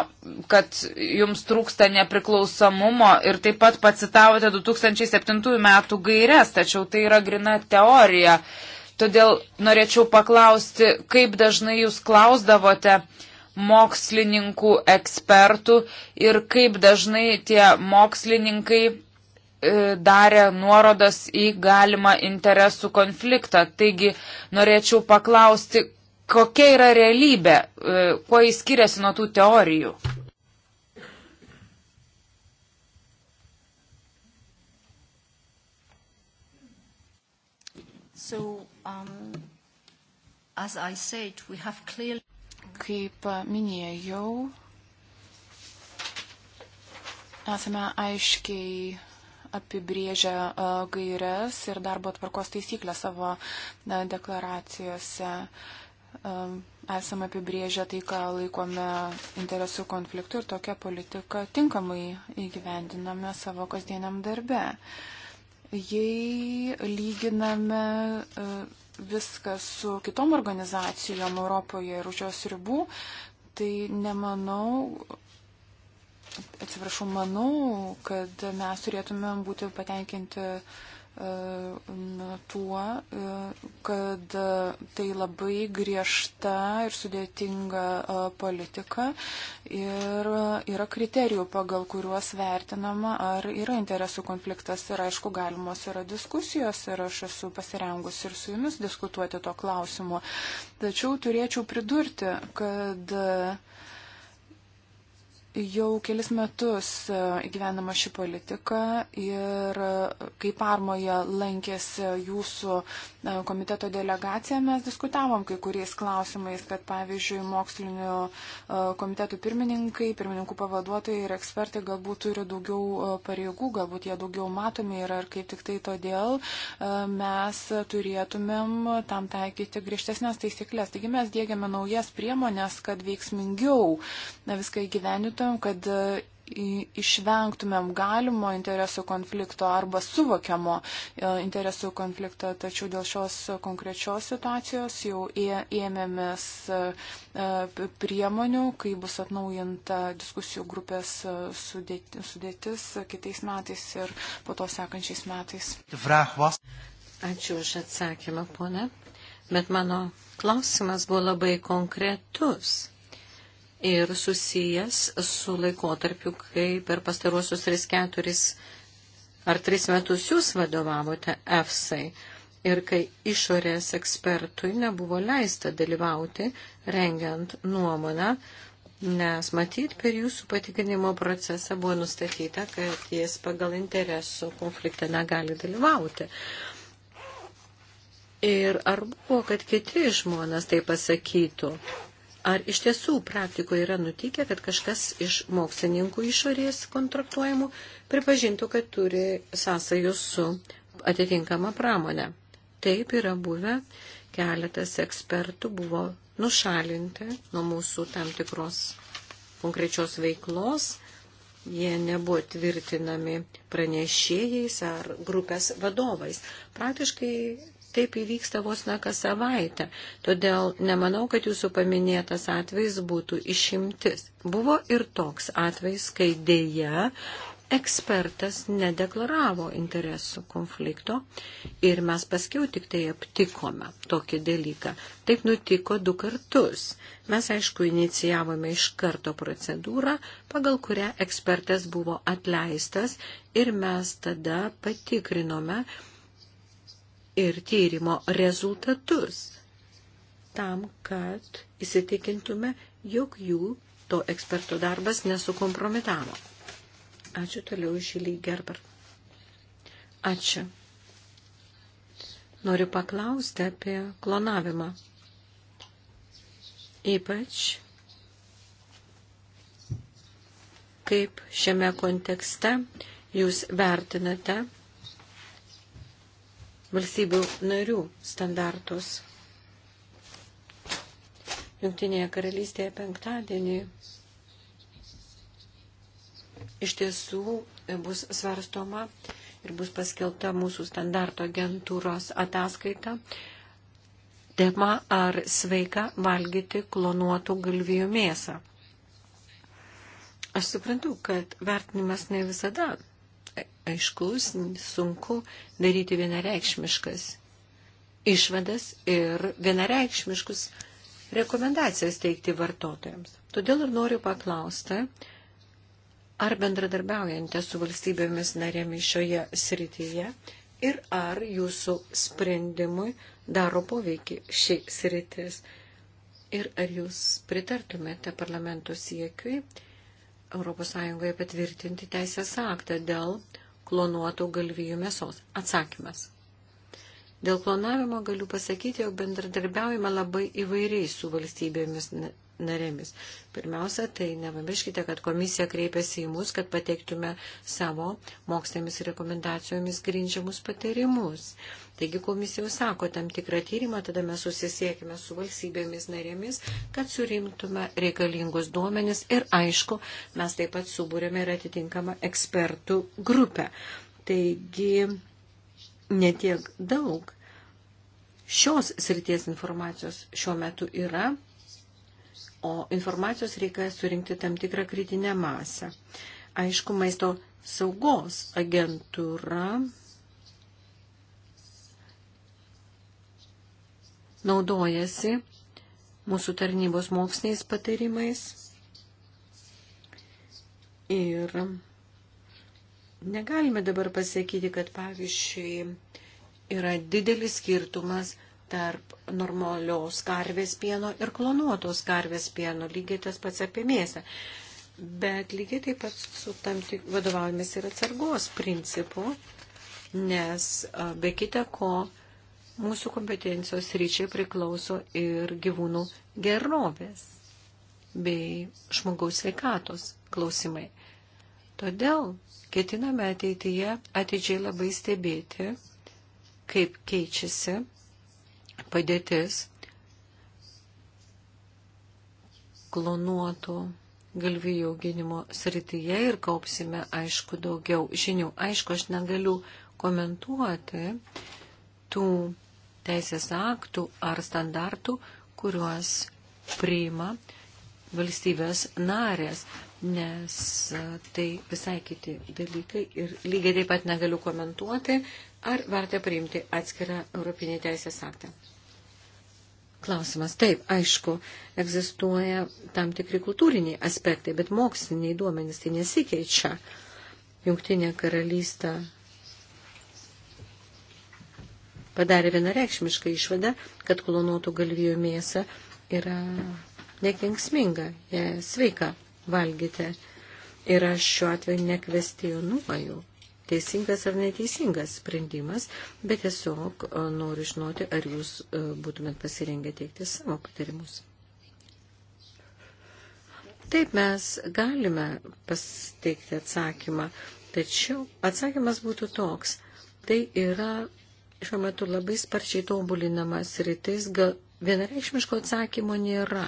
kad jums trūksta nepriklausomumo ir taip pat pacitavote 2007 metų gairias, tačiau tai yra grina teorija. E, Todėl norėčiau paklausti, kaip dažnai jūs klausdavote mokslininkų, ekspertų ir kaip dažnai tie mokslininkai e, darė nuorodas į galimą interesų konfliktą. Taigi norėčiau paklausti, kokia yra realybė, e, kuo jis skiriasi nuo tų teorijų. So um, as I said, we have clearly... Kaip uh, minėjau, esame aiškiai apibrėžę uh, gairias ir darbo atvarkos taisyklę savo uh, deklaracijose. Um, esame apibrėžę tai, ką laikome interesų konfliktų ir tokią politiką tinkamai įgyvendiname savo kasdieniam darbe. Uh, jei lyginame e, viską su kitom organizacijom Europoje ir už jos ribų, tai nemanau, atsiprašau, manau, kad mes turėtumėm būti patenkinti E, tuo, e, kad tai labai griežta ir sudėtinga e, politika ir yra kriterijų, pagal kuriuos vertinama, ar yra interesų konfliktas ir aišku, galimos yra diskusijos ir aš esu pasirengus ir su jumis diskutuoti to klausimu. Tačiau turėčiau pridurti, kad Jau kelis metus e, gyvenama ši politika ir e, kai Parmoje lankėsi jūsų komiteto delegacija mes diskutavom kai kuriais klausimais, kad pavyzdžiui, mokslinio e, komitetų pirmininkai, pirmininkų pavaduotojai ir ekspertai galbūt turi daugiau e, pareigų, galbūt jie daugiau matomi yra ir kaip tik tai todėl e, mes turėtumėm tam taikyti griežtesnės taisyklės. Taigi mes dėgiame naujas priemonės, kad veiksmingiau viską įgyvenytumėm, kad išvengtumėm galimo interesų konflikto arba suvokiamo e, interesų konflikto, tačiau dėl šios konkrečios situacijos jau ėmėmės e, e, priemonių, kai bus atnaujinta diskusijų grupės sudėtis kitais metais ir po to sekančiais metais. Ačiū už atsakymą, ponė. Bet mano klausimas buvo labai konkretus ir susijęs su laikotarpiu, kai per pastaruosius 3-4 ar 3 metus jūs vadovavote EFSAI ir kai išorės ekspertui nebuvo leista dalyvauti rengiant nuomonę, nes matyt per jūsų patikrinimo procesą buvo nustatyta, kad jis pagal interesų konfliktą negali dalyvauti. Ir ar buvo, kad kiti žmonės tai pasakytų? Ar iš tiesų praktikoje yra nutikę, kad kažkas iš mokslininkų išorės kontraktuojamų pripažintų, kad turi sąsajų su atitinkama pramonė? Taip yra buvę, keletas ekspertų buvo nušalinti nuo mūsų tam tikros konkrečios veiklos, jie nebuvo tvirtinami pranešėjais ar grupės vadovais. Praktiškai taip įvyksta vos na kas savaitę. Todėl nemanau, kad jūsų paminėtas atvejs būtų išimtis. Buvo ir toks atvejs, kai dėja ekspertas nedeklaravo interesų konflikto ir mes paskiau tik tai aptikome tokį dalyką. Taip nutiko du kartus. Mes, aišku, inicijavome iš karto procedūrą, pagal kurią ekspertas buvo atleistas ir mes tada patikrinome, ir tyrimo rezultatus tam, kad įsitikintume, jog jų to eksperto darbas nesukompromitavo. Ačiū toliau iš Ilį Gerbert. Ačiū. Noriu paklausti apie klonavimą. Ypač kaip šiame kontekste jūs vertinate valstybių narių standartus. Junktinėje karalystėje penktadienį iš tiesų bus svarstoma ir bus paskelbta mūsų standarto agentūros ataskaita. Tema ar sveika valgyti klonuotų galvijų mėsą. Aš suprantu, kad vertinimas ne visada aiškus, sunku daryti vienareikšmiškas išvadas ir vienareikšmiškus rekomendacijas teikti vartotojams. Todėl ir noriu paklausti, ar bendradarbiaujate su valstybėmis narėmis šioje srityje ir ar jūsų sprendimui daro poveikį ši sritis. Ir ar jūs pritartumėte parlamento siekiui ES patvirtinti teisės aktą dėl klonuotų galvijų mėsos? Atsakymas. Dėl klonavimo galiu pasakyti, jog bendradarbiaujame labai įvairiai su valstybėmis narėmis. Pirmiausia, tai nepamirškite, kad komisija kreipėsi į mus, kad pateiktume savo mokslinėmis rekomendacijomis grindžiamus patarimus. Taigi komisija užsako tam tikrą tyrimą, tada mes susisiekime su valstybėmis narėmis, kad surimtume reikalingus duomenis ir aišku, mes taip pat subūrėme ir atitinkamą ekspertų grupę. Taigi netiek daug šios srities informacijos šiuo metu yra, o informacijos reikia surinkti tam tikrą kritinę masę. Aišku, maisto saugos agentūra naudojasi mūsų tarnybos moksliniais patarimais ir negalime dabar pasakyti, kad pavyzdžiui yra didelis skirtumas tarp normalios karvės pieno ir klonuotos karvės pieno, lygiai tas pats apie mėsą. Bet lygiai taip pat su tam tik vadovaujamis ir atsargos principu, nes be kita ko mūsų kompetencijos ryčiai priklauso ir gyvūnų gerovės bei žmogaus sveikatos klausimai. Todėl ketiname ateityje atidžiai labai stebėti, kaip keičiasi padėtis klonuotų galvijų auginimo srityje ir kaupsime, aišku, daugiau žinių. Aišku, aš negaliu komentuoti tų teisės aktų ar standartų, kuriuos priima valstybės narės, nes tai visai kiti dalykai ir lygiai taip pat negaliu komentuoti, ar verta priimti atskirą Europinį teisės aktą klausimas. Taip, aišku, egzistuoja tam tikri kultūriniai aspektai, bet moksliniai duomenys tai nesikeičia. Jungtinė karalystė padarė vienareikšmišką išvadą, kad klonuotų galvijų mėsa yra nekenksminga, ją sveika valgyti. Ir aš šiuo atveju nekvestionuoju teisingas ar neteisingas sprendimas, bet tiesiog e, noriu žinoti, ar jūs e, būtumėt pasirengę teikti savo patarimus. Taip mes galime pasteikti atsakymą, tačiau atsakymas būtų toks. Tai yra šiuo metu labai sparčiai tobulinamas rytis, gal vienareikšmiško atsakymo nėra.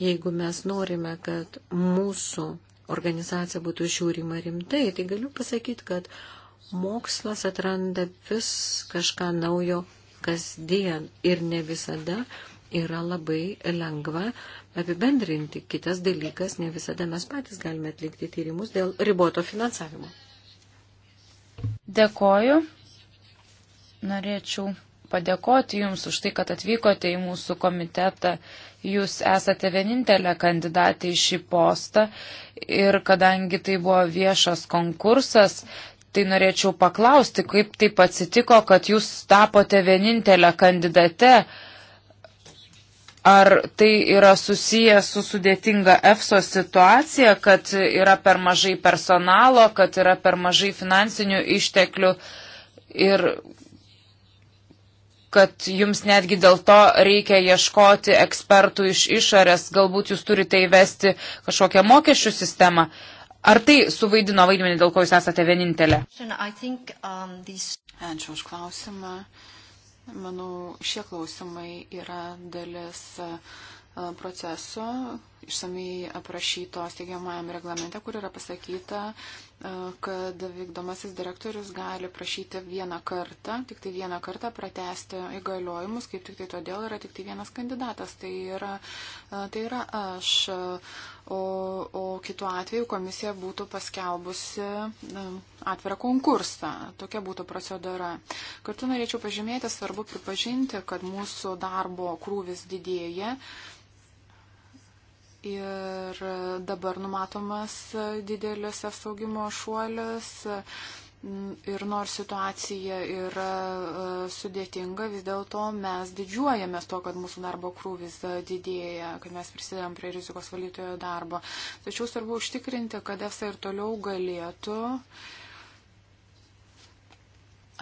Jeigu mes norime, kad mūsų organizacija būtų žiūrima rimtai, tai galiu pasakyti, kad mokslas atranda vis kažką naujo kasdien ir ne visada yra labai lengva apibendrinti. Kitas dalykas, ne visada mes patys galime atlikti tyrimus dėl riboto finansavimo. Dėkoju. Norėčiau padėkoti Jums už tai, kad atvykote į mūsų komitetą. Jūs esate vienintelė kandidatė į šį postą ir kadangi tai buvo viešas konkursas, tai norėčiau paklausti, kaip taip atsitiko, kad Jūs tapote vienintelė kandidate. Ar tai yra susiję su sudėtinga EFSO situacija, kad yra per mažai personalo, kad yra per mažai finansinių išteklių ir kad jums netgi dėl to reikia ieškoti ekspertų iš išorės, galbūt jūs turite įvesti kažkokią mokesčių sistemą. Ar tai suvaidino vaidmenį, dėl ko jūs esate vienintelė? Ačiū už klausimą. Manau, šie klausimai yra dalis proceso, išsamei aprašyto steigiamajam reglamente, kur yra pasakyta, kad vykdomasis direktorius gali prašyti vieną kartą, tik tai vieną kartą pratesti įgaliojimus, kaip tik tai todėl yra tik tai vienas kandidatas, tai yra, tai yra aš. O, o kitu atveju komisija būtų paskelbusi atvirą konkursą. Tokia būtų procedūra. Kartu norėčiau pažymėti, svarbu pripažinti, kad mūsų darbo krūvis didėja. Uh, Ir dabar numatomas didelis saugimo šuolis. Ir nors situacija yra e, sudėtinga, vis dėlto mes didžiuojamės to, kad mūsų darbo krūvis e, didėja, kad mes prisidedam prie rizikos valytojo darbo. Tačiau svarbu užtikrinti, kad ESA ir toliau galėtų uh,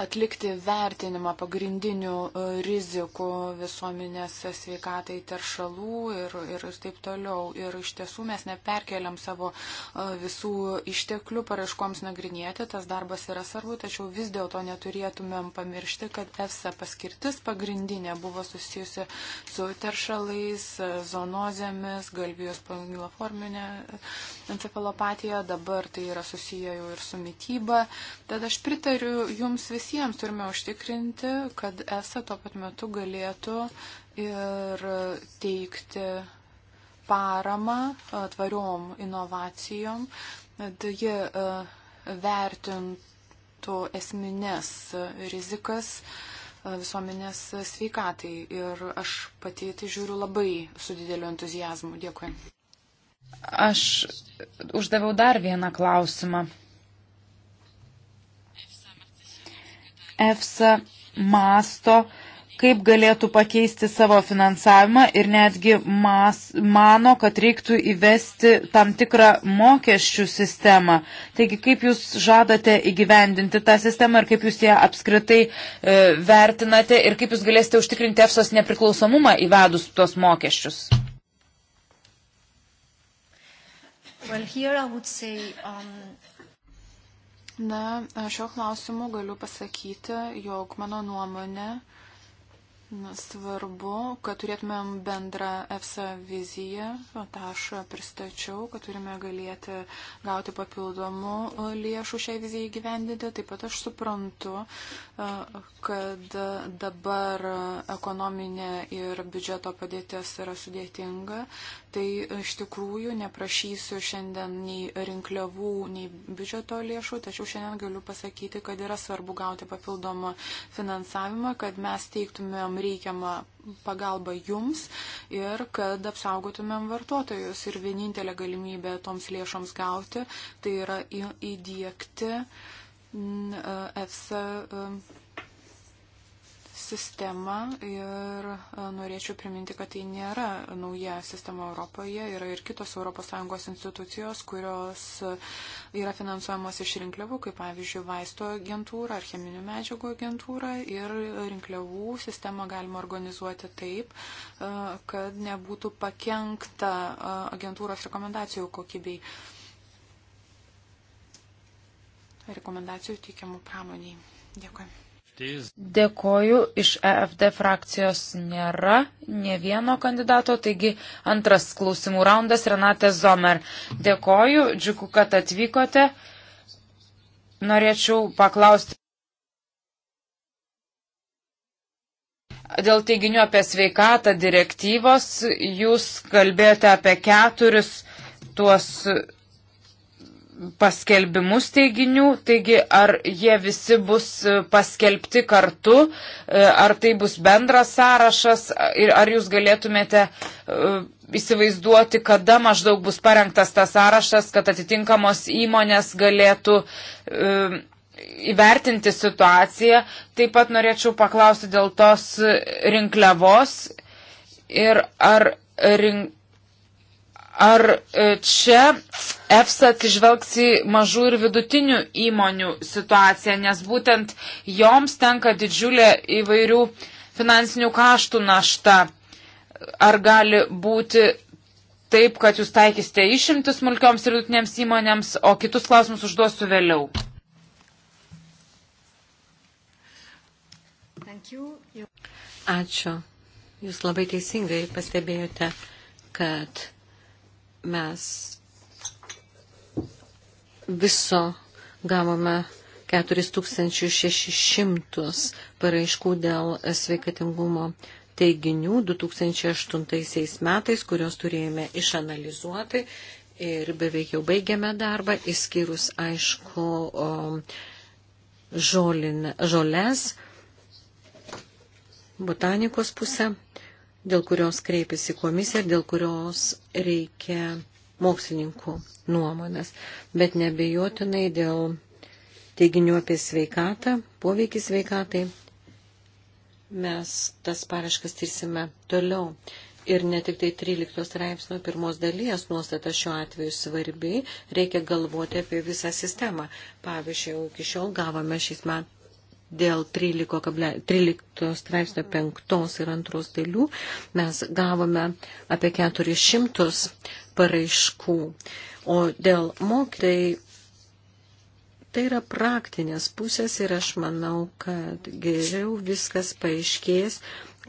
atlikti vertinimą pagrindinių e, rizikų visuomenės sveikatai teršalų ir, ir taip toliau. Ir iš tiesų mes neperkeliam savo e, visų išteklių paraškoms nagrinėti, tas darbas yra svarbu, tačiau vis dėlto neturėtumėm pamiršti, kad EFSA paskirtis pagrindinė buvo susijusi su teršalais, zonozėmis, galvijos pangiloforminė encefalopatija, dabar tai yra susiję jau ir su mytyba. Tad aš pritariu jums visi visiems turime užtikrinti, kad ESA tuo pat metu galėtų ir teikti paramą e, tvariom inovacijom, kad ji e, vertintų esminės rizikas e, visuomenės sveikatai. Ir aš pati tai žiūriu labai su dideliu entuzijazmu. Dėkui. Aš uždaviau dar vieną klausimą. EFSA masto, kaip galėtų pakeisti savo finansavimą ir netgi mas, mano, kad reiktų įvesti tam tikrą mokesčių sistemą. Taigi, kaip jūs žadate įgyvendinti tą sistemą ir kaip jūs ją apskritai e, vertinate ir kaip jūs galėsite užtikrinti EFSOS nepriklausomumą įvedus tuos mokesčius? Well, say, um, Na, šiuo klausimu galiu pasakyti, jog mano nuomonė Na, svarbu, kad turėtumėm bendrą EFSA viziją, tą aš pristačiau, kad turime galėti gauti papildomų lėšų šiai vizijai gyvendinti. Taip pat aš suprantu, kad dabar ekonominė ir biudžeto padėtis yra sudėtinga. Tai iš tikrųjų neprašysiu šiandien nei rinkliavų, nei biudžeto lėšų, tačiau šiandien galiu pasakyti, kad yra svarbu gauti papildomą finansavimą, kad mes teiktumėm reikiamą pagalbą jums ir kad apsaugotumėm vartotojus. Ir vienintelė galimybė toms lėšoms gauti tai yra įdėkti EFSA e, sistemą ir e, norėčiau priminti, kad tai nėra nauja sistema Europoje. Yra ir kitos ES institucijos, kurios e, yra finansuojamos iš rinkliavų, kaip pavyzdžiui vaisto agentūra ar cheminių medžiagų agentūra. Ir rinkliavų sistemą galima organizuoti taip, e, kad nebūtų pakengta agentūros rekomendacijų kokybei rekomendacijų teikiamų pramoniai. Dėkui. Dėkoju, iš EFD frakcijos nėra ne vieno kandidato, taigi antras klausimų raundas Renate Zomer. Dėkoju, džiugu, kad atvykote. Norėčiau paklausti dėl teiginių apie sveikatą direktyvos. Jūs kalbėjote apie keturis tuos paskelbimus teiginių, taigi ar jie visi bus e, paskelbti kartu, e, ar tai bus bendras sąrašas, ir ar jūs galėtumėte e, įsivaizduoti, kada maždaug bus parengtas tas sąrašas, kad atitinkamos įmonės galėtų įvertinti situaciją. Taip pat norėčiau paklausti dėl tos rinkliavos ir ar rink Ar e, čia EFSA atsižvelgs į mažų ir vidutinių įmonių situaciją, nes būtent joms tenka didžiulė įvairių finansinių kaštų našta. Ar gali būti taip, kad jūs taikysite išimtis smulkioms ir vidutinėms įmonėms, o kitus klausimus užduosiu vėliau? Ačiū. Jūs labai teisingai pastebėjote, kad mes viso gavome 4600 paraiškų dėl sveikatingumo teiginių 2008 metais, kurios turėjome išanalizuoti ir beveik jau baigėme darbą, išskyrus, aišku, žolin, žolės, botanikos pusę dėl kurios kreipiasi komisija ir dėl kurios reikia mokslininkų nuomonės. Bet nebejotinai dėl teiginių apie sveikatą, poveikį sveikatai, mes tas paraškas tirsime toliau. Ir ne tik tai 13 straipsnio pirmos dalies nuostata šiuo atveju svarbi, reikia galvoti apie visą sistemą. Pavyzdžiui, iki šiol gavome šiais metais dėl 13, 13 straipsnio 5 ir 2 dalių mes gavome apie 400 paraiškų, o dėl mokytai tai yra praktinės pusės ir aš manau, kad geriau viskas paaiškės,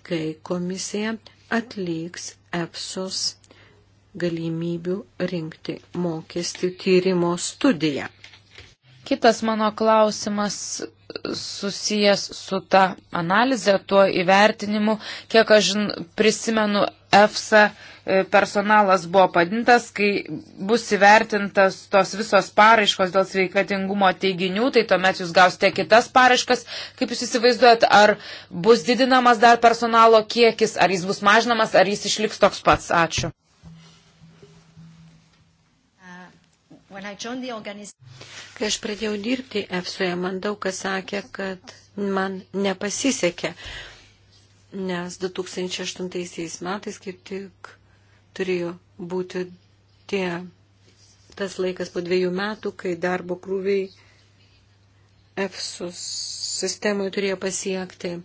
kai komisija atliks EPSOS galimybių rinkti mokestį tyrimo studiją. Kitas mano klausimas susijęs su ta analize, tuo įvertinimu, kiek aš prisimenu, EFSA e, personalas buvo padintas, kai bus įvertintas tos visos paraiškos dėl sveikatingumo teiginių, tai tuomet jūs gausite kitas paraiškas. Kaip jūs įsivaizduojat, ar bus didinamas dar personalo kiekis, ar jis bus mažinamas, ar jis išliks toks pats? Ačiū. Kai aš pradėjau dirbti EFSOje, man daug kas sakė, kad man nepasisekė, nes 2008 metais kaip tik turėjo būti tie, tas laikas po dviejų metų, kai darbo krūviai EFSOS sistemoje turėjo pasiekti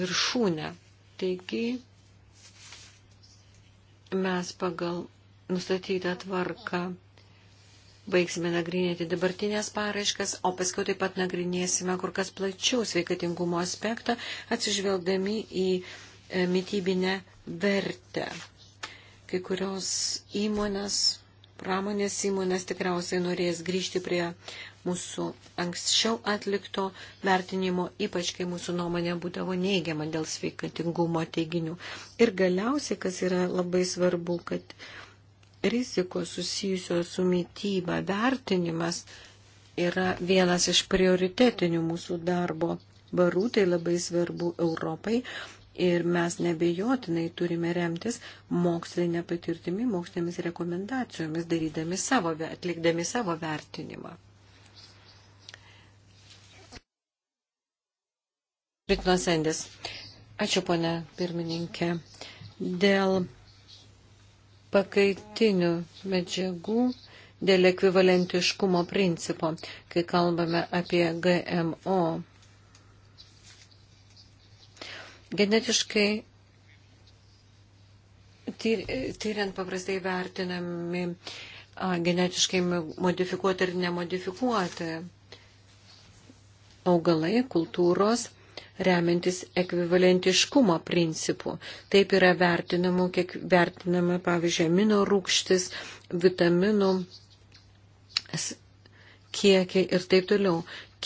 viršūnę. Taigi mes pagal nustatytą tvarką Baigsime nagrinėti dabartinės paraiškas, o paskui taip pat nagrinėsime kur kas plačiau sveikatingumo aspektą, atsižvelgdami į e, mytybinę vertę. Kai kurios įmonės, pramonės įmonės tikriausiai norės grįžti prie mūsų anksčiau atlikto vertinimo, ypač kai mūsų nuomonė būdavo neigiama dėl sveikatingumo teiginių. Ir galiausiai, kas yra labai svarbu, kad rizikos susijusios su mytyba vertinimas yra vienas iš prioritetinių mūsų darbo barų, tai labai svarbu Europai. Ir mes nebejotinai turime remtis mokslinę patirtimį, mokslinėmis rekomendacijomis, darydami savo, atlikdami savo vertinimą. Pritno Sendis. Ačiū, ponė pirmininkė. Dėl pakaitinių medžiagų dėl ekvivalentiškumo principo, kai kalbame apie GMO. Genetiškai tyriant paprastai vertinami genetiškai modifikuoti ir nemodifikuoti augalai, kultūros remiantis ekvivalentiškumo principu. Taip yra vertinama, kiek vertinama, pavyzdžiui, amino rūkštis, vitaminų kiekiai ir taip toliau.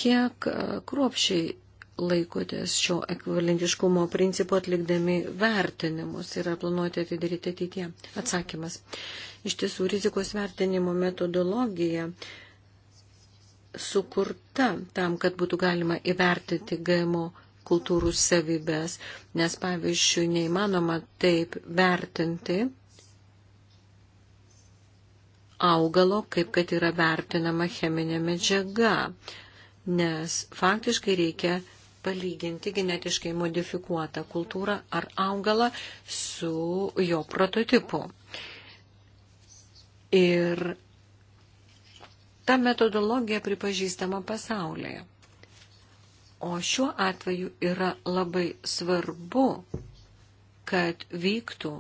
Kiek kruopšiai laikotės šio ekvivalentiškumo principo atlikdami vertinimus yra planuoti tai atidaryti ateitie? Atsakymas. Iš tiesų, rizikos vertinimo metodologija sukurta tam, kad būtų galima įvertinti GMO kultūrų savybės, nes pavyzdžiui, neįmanoma taip vertinti augalo, kaip kad yra vertinama cheminė medžiaga, nes faktiškai reikia palyginti genetiškai modifikuotą kultūrą ar augalą su jo prototipu. Ir ta metodologija pripažįstama pasaulyje. O šiuo atveju yra labai svarbu, kad vyktų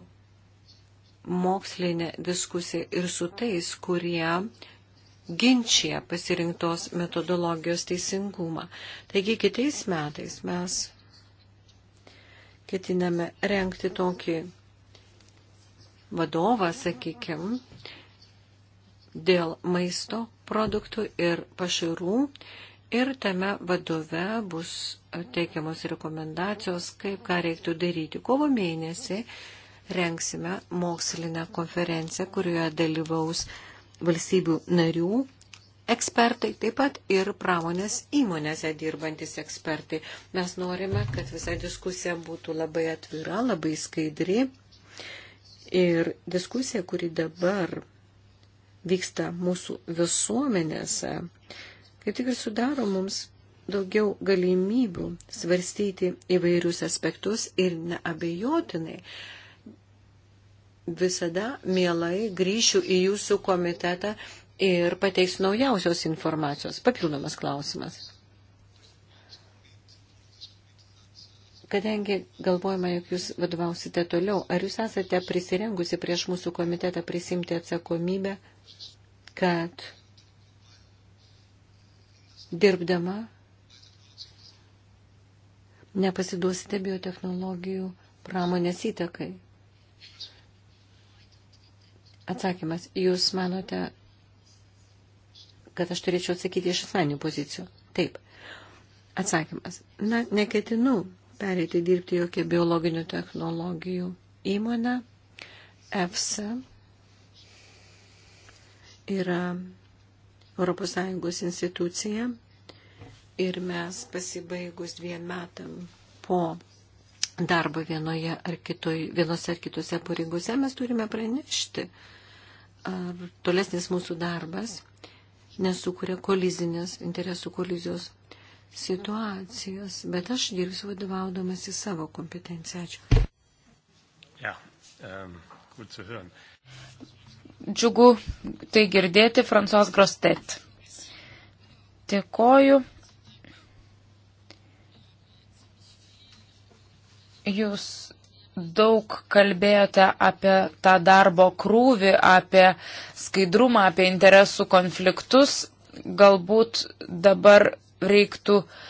mokslinė diskusija ir su tais, kurie ginčia pasirinktos metodologijos teisingumą. Taigi kitais metais mes ketiname renkti tokį vadovą, sakykime, dėl maisto, produktų ir pašarų. Ir tame vadove bus teikiamos rekomendacijos, kaip ką reiktų daryti. Kovo mėnesį rengsime mokslinę konferenciją, kurioje dalyvaus valstybių narių ekspertai, taip pat ir pramonės įmonėse dirbantis ekspertai. Mes norime, kad visa diskusija būtų labai atvira, labai skaidri. Ir diskusija, kuri dabar vyksta mūsų visuomenėse, kaip tik ir sudaro mums daugiau galimybių svarstyti įvairius aspektus ir neabejotinai. Visada mielai grįšiu į jūsų komitetą ir pateiksiu naujausios informacijos. Papildomas klausimas. Kadangi galvojama, jog jūs vadovausite toliau, ar jūs esate prisirengusi prieš mūsų komitetą prisimti atsakomybę kad dirbdama nepasiduosite biotechnologijų pramonės įtakai. Atsakymas. Jūs manote, kad aš turėčiau atsakyti iš asmeninių pozicijų. Taip. Atsakymas. Na, neketinu pereiti dirbti jokią biologinių technologijų įmonę, EFSA yra ES institucija ir mes pasibaigus dviem metam po darbo vienoje ar kitoj, vienose ar kitose pareigose mes turime pranešti, ar tolesnis mūsų darbas nesukuria kolizinės, interesų kolizijos situacijos, bet aš dirbsiu vadovaudamas į savo kompetenciją. Ačiū. Ja, um, gut zu hören džiugu tai girdėti, Fransos Grostet. Dėkoju. Jūs daug kalbėjote apie tą darbo krūvį, apie skaidrumą, apie interesų konfliktus. Galbūt dabar reiktų uh,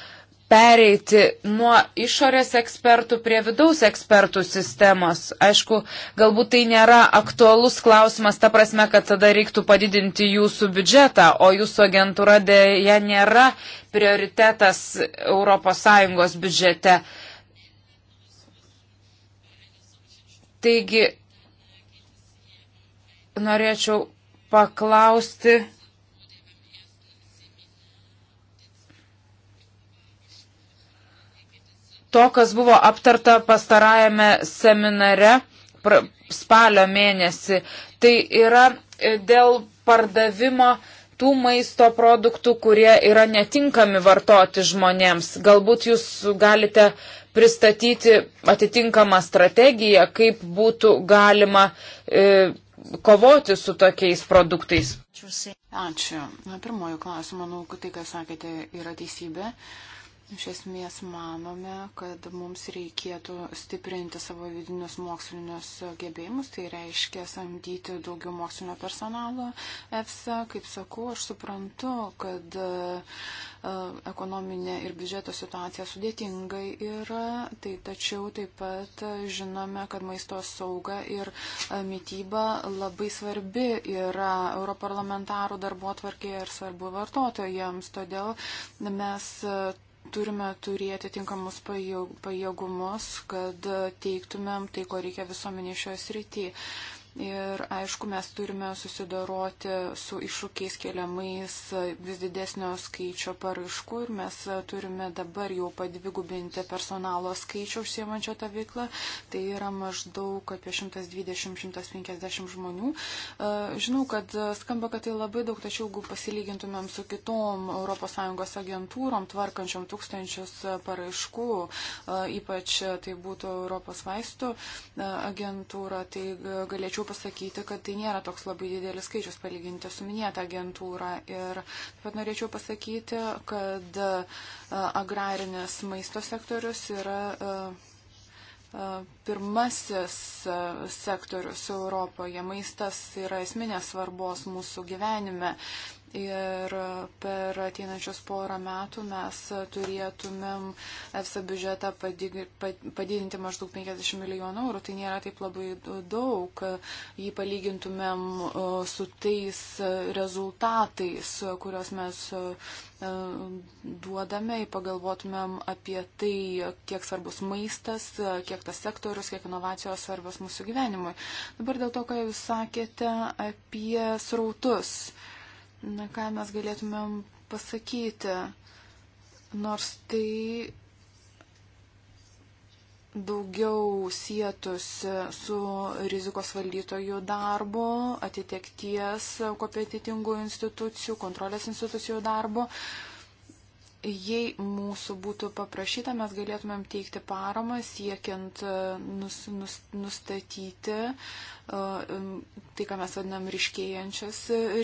pereiti nuo išorės ekspertų prie vidaus ekspertų sistemos. Aišku, galbūt tai nėra aktualus klausimas, ta prasme, kad tada reiktų padidinti jūsų biudžetą, o jūsų agentūra dėja nėra prioritetas ES biudžete. Taigi, norėčiau paklausti to, kas buvo aptarta pastarajame seminare spalio mėnesį. Tai yra e, dėl pardavimo tų maisto produktų, kurie yra netinkami vartoti žmonėms. Galbūt jūs galite pristatyti atitinkamą strategiją, kaip būtų galima e, kovoti su tokiais produktais. Ačiū. Pirmojų klausimų, manau, kad tai, ką sakėte, yra teisybė. E, Iš esmės manome, kad mums reikėtų stiprinti savo vidinius mokslinius gebėjimus, tai reiškia samdyti daugiau mokslinio personalo. EFSA, kaip sakau, aš suprantu, kad e, ekonominė ir biudžeto situacija sudėtingai yra, tai tačiau taip pat žinome, kad maisto sauga ir e, mytyba labai svarbi yra europarlamentarų darbo atvarkėje ir svarbu vartotojams, todėl mes turime turėti tinkamus pajėgumus, kad teiktumėm tai, ko reikia visuomenė šioje srityje. Ir aišku, mes turime susidoroti su iššūkiais keliamais vis didesnio skaičio paraiškų ir mes turime dabar jau padvigubinti personalo skaičių užsiemančio tą veiklą. Tai yra maždaug apie 120-150 žmonių. E, žinau, kad skamba, kad tai labai daug, tačiau jeigu pasilygintumėm su kitom ES agentūrom, tvarkančiom tūkstančius paraiškų, e, ypač tai būtų Europos vaistų e, agentūra, tai galėčiau pasakyti, kad tai nėra toks labai didelis skaičius palyginti su minėta agentūra. Ir taip pat norėčiau pasakyti, kad e, agrarinis maisto sektorius yra e, e, pirmasis sektorius Europoje. Maistas yra esminės svarbos mūsų gyvenime Ir per ateinančius porą metų mes turėtumėm EFSA biudžetą padidinti maždaug 50 milijonų eurų. Tai nėra taip labai daug. Jį palygintumėm su tais rezultatais, kuriuos mes e, duodame, pagalvotumėm apie tai, kiek svarbus maistas, kiek tas sektorius, kiek inovacijos svarbus mūsų gyvenimui. Dabar dėl to, ką jūs sakėte apie srautus. Uh, Na ką mes galėtumėm pasakyti, nors tai daugiau sėtusi su rizikos valdytojų darbu, atitekties kompetitingų institucijų, kontrolės institucijų darbu. Uh, Jei mūsų būtų paprašyta, mes galėtumėm teikti paramą siekiant e, nus, nus, nustatyti e, tai, ką mes vadinam ryškėjančias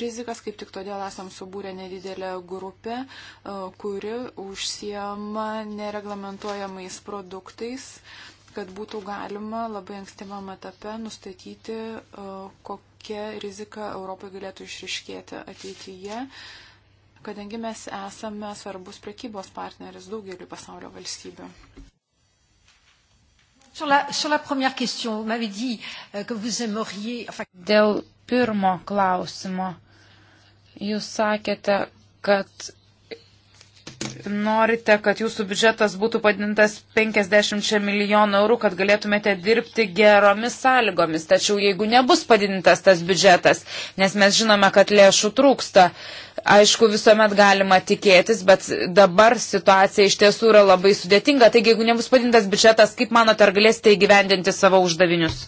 rizikas, kaip tik todėl esam subūrę nedidelę grupę, e, kuri užsiema nereglamentuojamais produktais, kad būtų galima labai ankstyvam etape nustatyti, kokia rizika Europai galėtų išriškėti ateityje. Uh, kadangi mes esame svarbus prekybos partneris daugeliu pasaulio valstybių. Euh, Dėl pirmo klausimo, jūs sakėte, kad norite, kad jūsų biudžetas būtų padintas 50 milijonų eurų, kad galėtumėte dirbti geromis sąlygomis. Tačiau jeigu nebus padintas tas biudžetas, nes mes žinome, kad lėšų trūksta, Aišku, visuomet galima tikėtis, bet dabar situacija iš tiesų yra labai sudėtinga. Taigi, jeigu nebus padintas biudžetas, kaip manote, ar galėsite įgyvendinti savo uždavinius?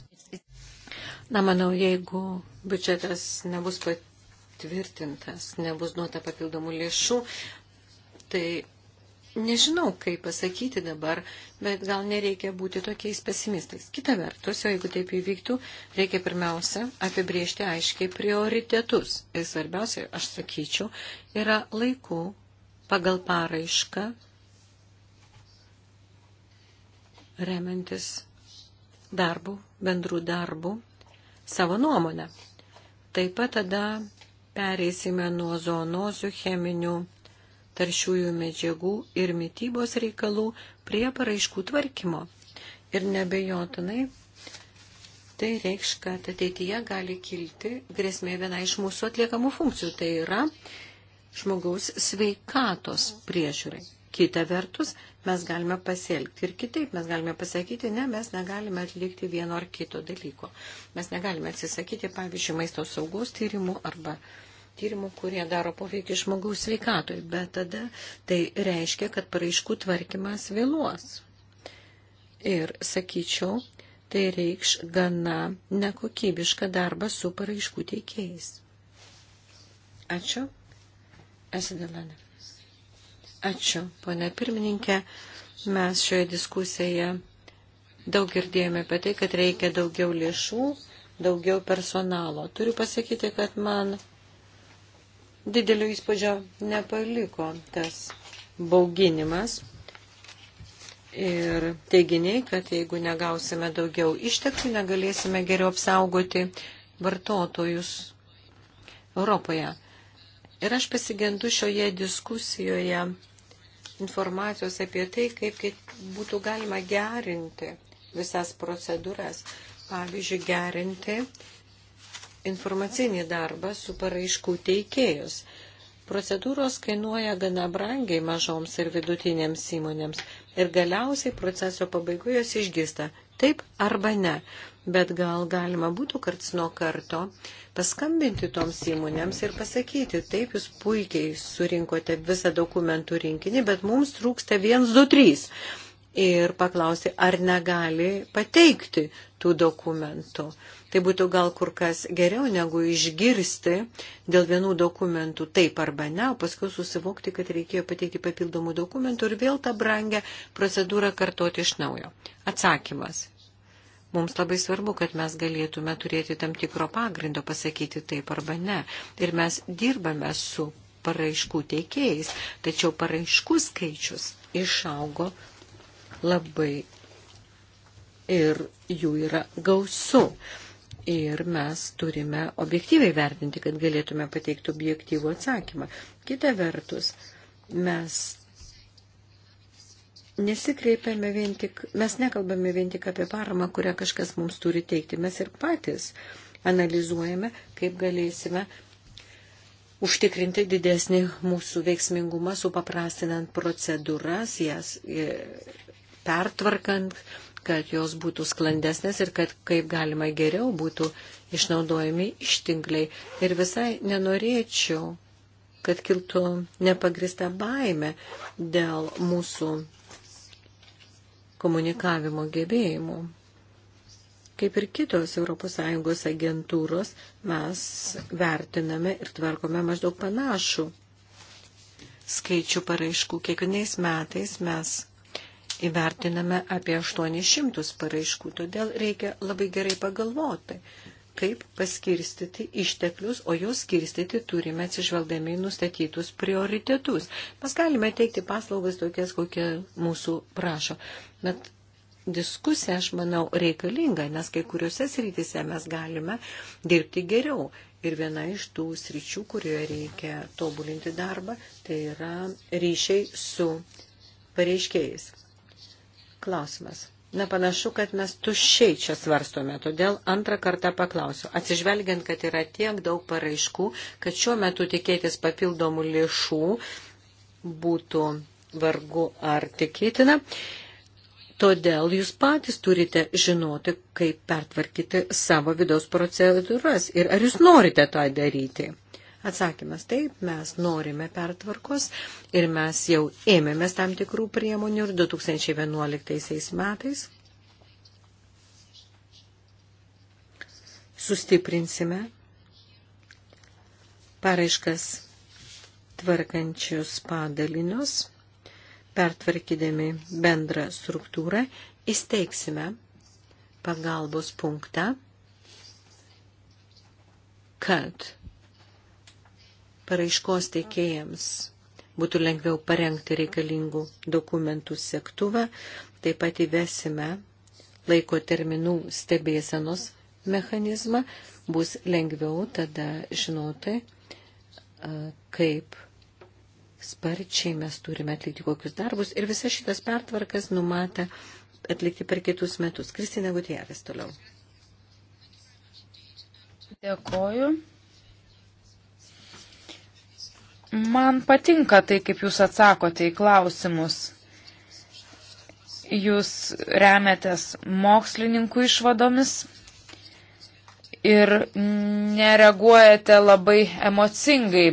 Na, manau, jeigu biudžetas nebus patvirtintas, nebus duota papildomų lėšų, tai Nežinau, kaip pasakyti dabar, bet gal nereikia būti tokiais pesimistais. Kita vertus, jeigu taip įvyktų, reikia pirmiausia apibriežti aiškiai prioritetus. Ir svarbiausia, aš sakyčiau, yra laikų pagal paraišką remiantis darbų, bendrų darbų, savo nuomonę. Taip pat tada pereisime nuo zoonozių, cheminių taršiųjų medžiagų ir mytybos reikalų prie paraiškų tvarkymo. Ir nebejotinai tai reikš, kad ateityje gali kilti grėsmė viena iš mūsų atliekamų funkcijų, tai yra žmogaus sveikatos priežiūrai. Kita vertus, mes galime pasielgti ir kitaip, mes galime pasakyti, ne, mes negalime atlikti vieno ar kito dalyko. Mes negalime atsisakyti, pavyzdžiui, maisto saugos tyrimų arba uh, tyrimų, kurie daro poveikį žmogaus sveikatoj, bet tada tai reiškia, kad paraiškų tvarkymas vėluos. Ir sakyčiau, tai reikš gana nekokybišką darbą su paraiškų teikėjais. Ačiū. Esidelane. Ačiū, ponė pirmininkė. Mes šioje diskusijoje daug girdėjome apie tai, kad reikia daugiau lėšų, daugiau personalo. Turiu pasakyti, kad man didelio įspūdžio nepaliko tas bauginimas ir teiginiai, kad jeigu negausime daugiau išteklių, negalėsime geriau apsaugoti vartotojus Europoje. Ir aš pasigendu šioje diskusijoje informacijos apie tai, kaip būtų galima gerinti visas procedūras. Pavyzdžiui, gerinti informacinį darbą su paraiškų teikėjus. Procedūros kainuoja gana brangiai mažoms ir vidutinėms įmonėms ir galiausiai proceso pabaigoje jos išgista taip arba ne. Bet gal galima būtų karts nuo karto paskambinti toms įmonėms ir pasakyti, taip jūs puikiai surinkote visą dokumentų rinkinį, bet mums trūksta 1, 2, 3 ir paklausti, ar negali pateikti tų dokumentų. Tai būtų gal kur kas geriau negu išgirsti dėl vienų dokumentų taip arba ne, o paskui susivokti, kad reikėjo pateikti papildomų dokumentų ir vėl tą brangę procedūrą kartoti iš naujo. Atsakymas. Mums labai svarbu, kad mes galėtume turėti tam tikro pagrindo pasakyti taip arba ne. Ir mes dirbame su paraiškų teikėjais, tačiau paraiškų skaičius išaugo labai ir jų yra gausu. Ir mes turime objektyviai vertinti, kad galėtume pateikti objektyvų atsakymą. Kita vertus, mes nesikreipiame vien tik, mes nekalbame vien tik apie paramą, kurią kažkas mums turi teikti. Mes ir patys analizuojame, kaip galėsime užtikrinti didesnį mūsų veiksmingumą, supaprastinant procedūras, jas e, pertvarkant, kad jos būtų sklandesnės ir kad kaip galima geriau būtų išnaudojami ištinkliai. Ir visai nenorėčiau, kad kiltų nepagrista baime dėl mūsų komunikavimo gebėjimų. Kaip ir kitos ES agentūros, mes vertiname ir tvarkome maždaug panašų skaičių paraiškų. Kiekvienais metais mes įvertiname apie 800 paraiškų, todėl reikia labai gerai pagalvoti, kaip paskirstyti išteklius, o juos skirstyti turime atsižvelgdami nustatytus prioritetus. Mes galime teikti paslaugas tokias, kokie mūsų prašo. Bet diskusija, aš manau, reikalinga, nes kai kuriuose srityse mes galime dirbti geriau. Ir viena iš tų sričių, kurioje reikia tobulinti darbą, tai yra ryšiai su pareiškėjais klausimas. Na, panašu, kad mes tuščiai čia svarstome, todėl antrą kartą paklausiu. Atsižvelgiant, kad yra tiek daug paraiškų, kad šiuo metu tikėtis papildomų lėšų būtų vargu ar tikėtina. Todėl jūs patys turite žinoti, kaip pertvarkyti savo vidaus procedūras ir ar jūs norite tą daryti. Atsakymas taip, mes norime pertvarkos ir mes jau ėmėmės tam tikrų priemonių ir 2011 metais sustiprinsime paraiškas tvarkančius padalinius, pertvarkydami bendrą struktūrą, įsteigsime pagalbos punktą, kad paraiškos teikėjams būtų lengviau parengti reikalingų dokumentų sektuvą, taip pat įvesime laiko terminų stebėsenos mechanizmą, bus lengviau tada žinoti, kaip sparčiai mes turime atlikti kokius darbus ir visas šitas pertvarkas numatę atlikti per kitus metus. Kristina Gutierrez toliau. Dėkoju. Man patinka tai, kaip jūs atsakote į klausimus. Jūs remiatės mokslininkų išvadomis ir nereaguojate labai emocingai.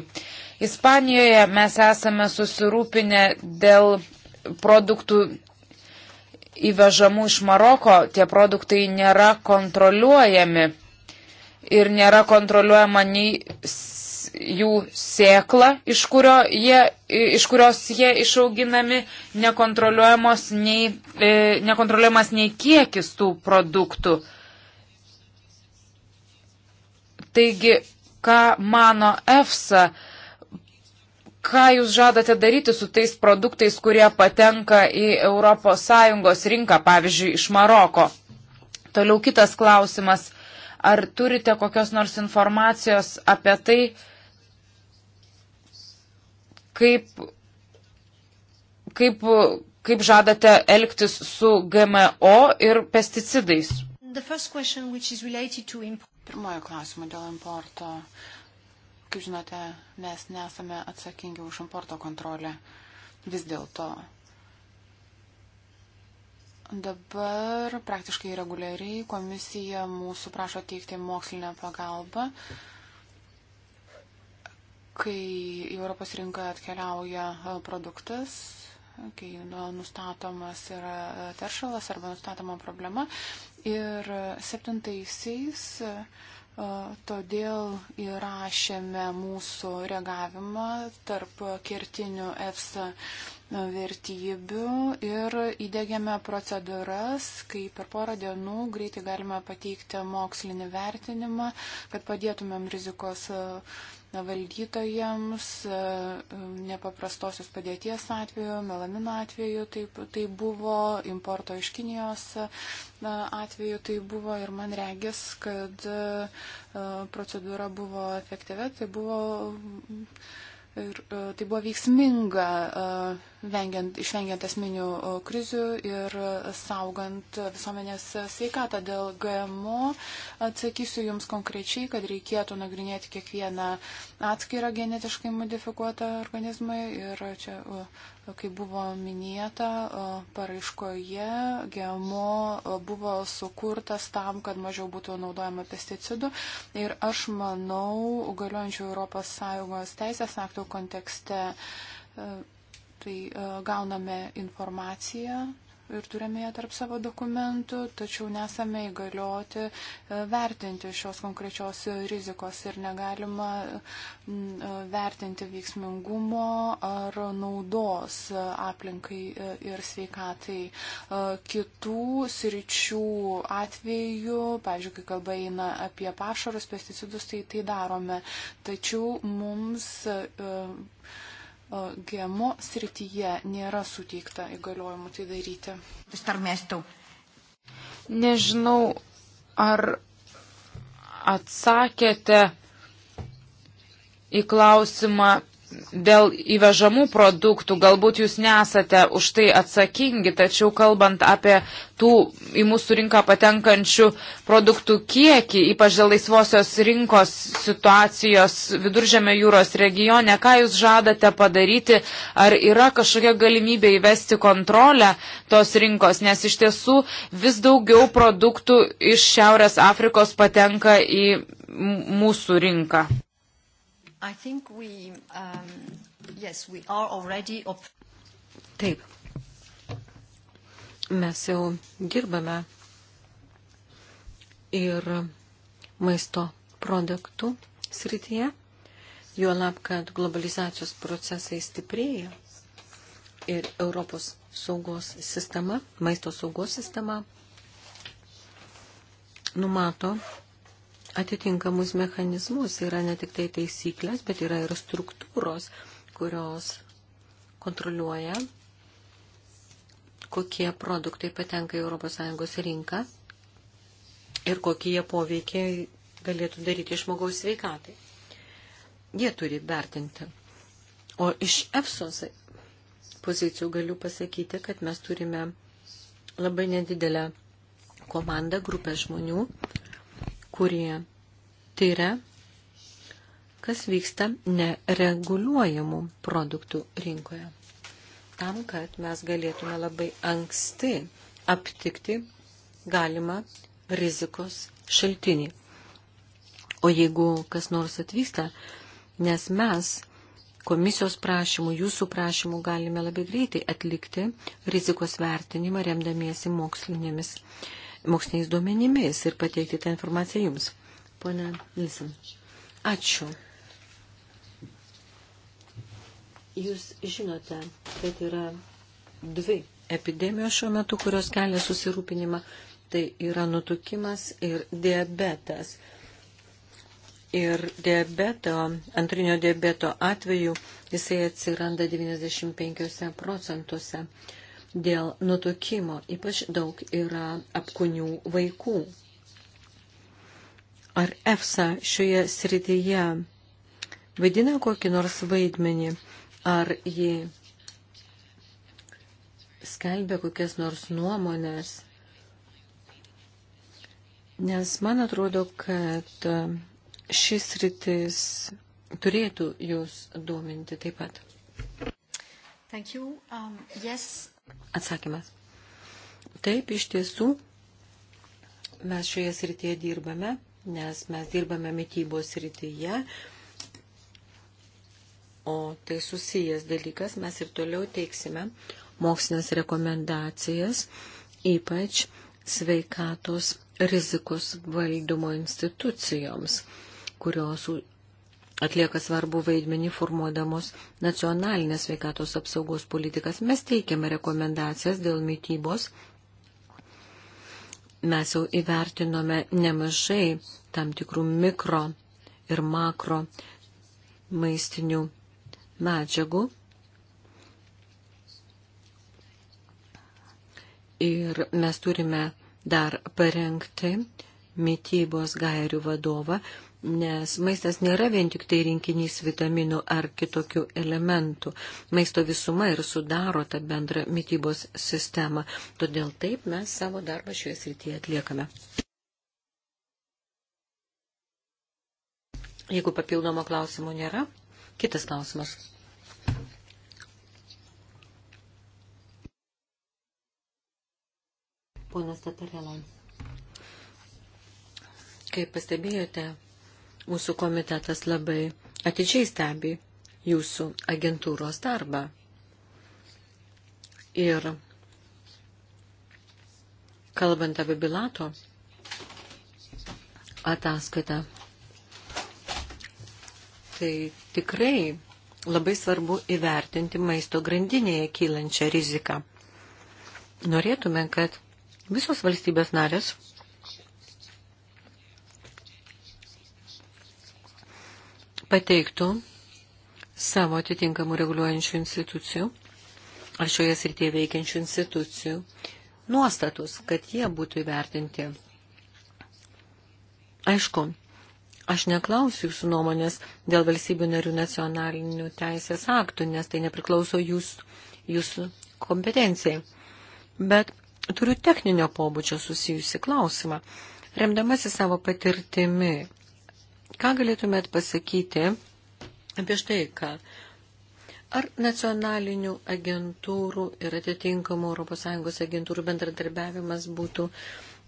Ispanijoje mes esame susirūpinę dėl produktų įvežamų iš Maroko. Tie produktai nėra kontroliuojami ir nėra kontroliuojama nei jų sėkla, iš, kurio jie, iš kurios jie išauginami, nekontroliuojamas nei, e, nekontroliuojamas nei kiekis tų produktų. Taigi, ką mano EFSA, ką jūs žadate daryti su tais produktais, kurie patenka į ES rinką, pavyzdžiui, iš Maroko? Toliau kitas klausimas ar turite kokios nors informacijos apie tai, kaip, kaip, kaip žadate elgtis su GMO ir pesticidais? Pirmojo klausimo dėl importo. Kaip žinote, mes nesame atsakingi už importo kontrolę. Vis dėlto Dabar praktiškai reguliariai komisija mūsų prašo teikti mokslinę pagalbą kai į Europos rinką atkeliauja e, produktas, kai nustatomas yra e, teršalas arba nustatoma problema. Ir septintaisiais e, todėl įrašėme mūsų reagavimą tarp kertinių EFSA vertybių ir įdėgėme procedūras, kai per porą dienų greitai galima pateikti mokslinį vertinimą, kad padėtumėm rizikos e, valdytojams, e, nepaprastosios padėties atveju, melamino atveju taip, tai buvo, importo iš Kinijos e, atveju tai buvo ir man regis, kad procedūra buvo efektyvi, tai buvo, ir, tai buvo veiksminga vengiant, išvengiant esminių krizių ir saugant visuomenės sveikatą. Dėl GMO atsakysiu Jums konkrečiai, kad reikėtų nagrinėti kiekvieną atskirą genetiškai modifikuotą organizmą ir čia, kaip buvo minėta, paraiškoje GMO buvo sukurtas tam, kad mažiau būtų naudojama pesticidų ir aš manau, galiojančių ES teisės aktų kontekste e, Tai e, gauname informaciją ir turime ją tarp savo dokumentų, tačiau nesame įgalioti e, vertinti šios konkrečios rizikos ir negalima e, vertinti veiksmingumo ar naudos aplinkai ir sveikatai. Kitų sričių atveju, pavyzdžiui, kai kalba eina apie pašarus, pesticidus, tai tai darome. Tačiau mums GMO srityje nėra suteikta įgaliojimų tai daryti. Nežinau, ar atsakėte į klausimą dėl įvežamų produktų, galbūt jūs nesate už tai atsakingi, tačiau kalbant apie tų į mūsų rinką patenkančių produktų kiekį, ypač dėl laisvosios rinkos situacijos viduržėme jūros regione, ką jūs žadate padaryti, ar yra kažkokia galimybė įvesti kontrolę tos rinkos, nes iš tiesų vis daugiau produktų iš Šiaurės Afrikos patenka į mūsų rinką. I think we, um, yes, we are already op Taip. Mes jau dirbame ir maisto produktų srityje, juolab, kad globalizacijos procesai stiprėja ir Europos saugos sistema, maisto saugos sistema numato atitinkamus mechanizmus. Yra ne tik tai taisyklės, bet yra ir struktūros, kurios kontroliuoja, kokie produktai patenka į ES rinką ir kokie jie poveikiai galėtų daryti žmogaus sveikatai. Jie turi vertinti. O iš EFSOS pozicijų galiu pasakyti, kad mes turime labai nedidelę komandą, grupę žmonių, kurie tyria, kas vyksta nereguliuojamų produktų rinkoje. Tam, kad mes galėtume labai anksti aptikti galimą rizikos šaltinį. O jeigu kas nors atvyksta, nes mes komisijos prašymų, jūsų prašymų galime labai greitai atlikti rizikos vertinimą remdamiesi mokslinėmis uh, moksliniais duomenimis ir pateikti tą informaciją jums. Pone Nilsen. Ačiū. Jūs žinote, kad yra dvi epidemijos šiuo metu, kurios kelia susirūpinimą. Tai yra nutukimas ir diabetas. Ir diabeto, antrinio diabeto atveju jisai atsiranda 95 procentuose dėl nutukimo. Ypač daug yra apkunių vaikų. Ar EFSA šioje srityje vaidina kokį nors vaidmenį? Ar ji skelbia kokias nors nuomonės? Nes man atrodo, kad e, šis rytis turėtų jūs duominti taip pat. Thank you. Um, yes, Atsakymas. Taip, iš tiesų, mes šioje srityje dirbame, nes mes dirbame mytybos srityje, o tai susijęs dalykas, mes ir toliau teiksime mokslinės rekomendacijas, ypač sveikatos rizikos valdymo institucijoms, kurios atlieka svarbu vaidmenį formuodamos nacionalinės sveikatos apsaugos politikas. Mes teikiame rekomendacijas dėl mytybos. Mes jau įvertinome nemažai tam tikrų mikro ir makro maistinių medžiagų. Ir mes turime dar parengti mytybos gairių vadovą, nes maistas nėra vien tik tai rinkinys vitaminų ar kitokių elementų. Maisto visuma ir sudaro tą bendrą mytybos sistemą. Todėl taip mes savo darbą šioje srityje atliekame. Jeigu papildomo klausimo nėra, kitas klausimas. Ponas Tatarelai, kaip pastebėjote, Mūsų komitetas labai atidžiai stebi jūsų agentūros darbą. Ir kalbant apie bilato ataskaitą, tai tikrai labai svarbu įvertinti maisto grandinėje kylančią riziką. Norėtume, kad visos valstybės narės pateiktų savo atitinkamų reguliuojančių institucijų ar šioje srityje veikiančių institucijų nuostatus, kad jie būtų įvertinti. Aišku, Aš neklausiu jūsų nuomonės dėl valstybių narių nacionalinių teisės aktų, nes tai nepriklauso jūs, jūsų kompetencijai. Bet turiu techninio pobūdžio susijusi klausimą. Remdamasi savo patirtimi, Ką galėtumėt pasakyti apie štai ką? Ar nacionalinių agentūrų ir atitinkamų ES agentūrų bendradarbiavimas būtų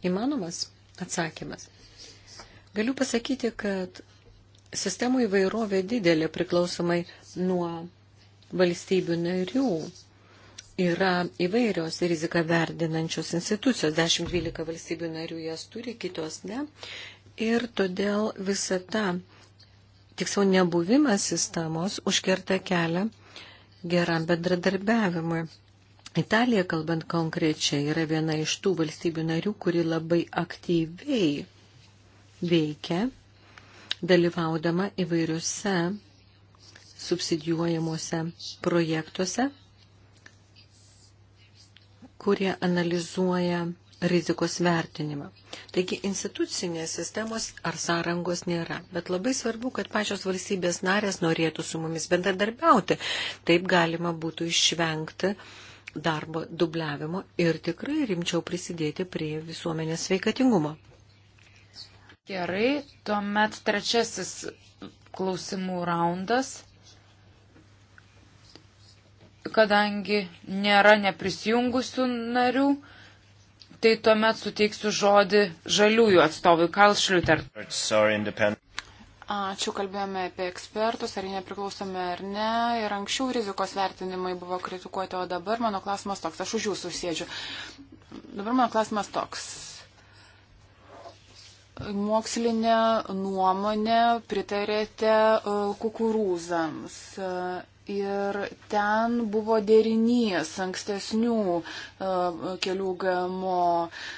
įmanomas? Atsakymas. Galiu pasakyti, kad sistemų įvairovė didelė priklausomai nuo valstybių narių. Yra įvairios riziką verdinančios institucijos, 10-12 valstybių narių jas turi, kitos ne. Ir todėl visa ta, tiksliau nebuvimas sistemos, užkerta kelią geram bendradarbiavimui. Italija, kalbant konkrečiai, yra viena iš tų valstybių narių, kuri labai aktyviai veikia, dalyvaudama įvairiuose subsidijuojamuose projektuose, kurie analizuoja rizikos vertinimą. Taigi institucinės sistemos ar sąrangos nėra, bet labai svarbu, kad pačios valstybės narės norėtų su mumis bendradarbiauti. Taip galima būtų išvengti darbo dubliavimo ir tikrai rimčiau prisidėti prie visuomenės sveikatingumo. Gerai, tuomet trečiasis klausimų raundas. Kadangi nėra neprisijungusių narių, tai tuomet suteiksiu žodį žaliųjų atstovui Karl Schliuter. Ačiū, kalbėjome apie ekspertus, ar jie nepriklausomi ar ne. Ir anksčiau rizikos vertinimai buvo kritikuoti, o dabar mano klausimas toks, aš už jūsų sėdžiu. Dabar mano klausimas toks. Mokslinė nuomonė pritarėte uh, kukurūzams Ir ten buvo derinys ankstesnių e, kelių GMO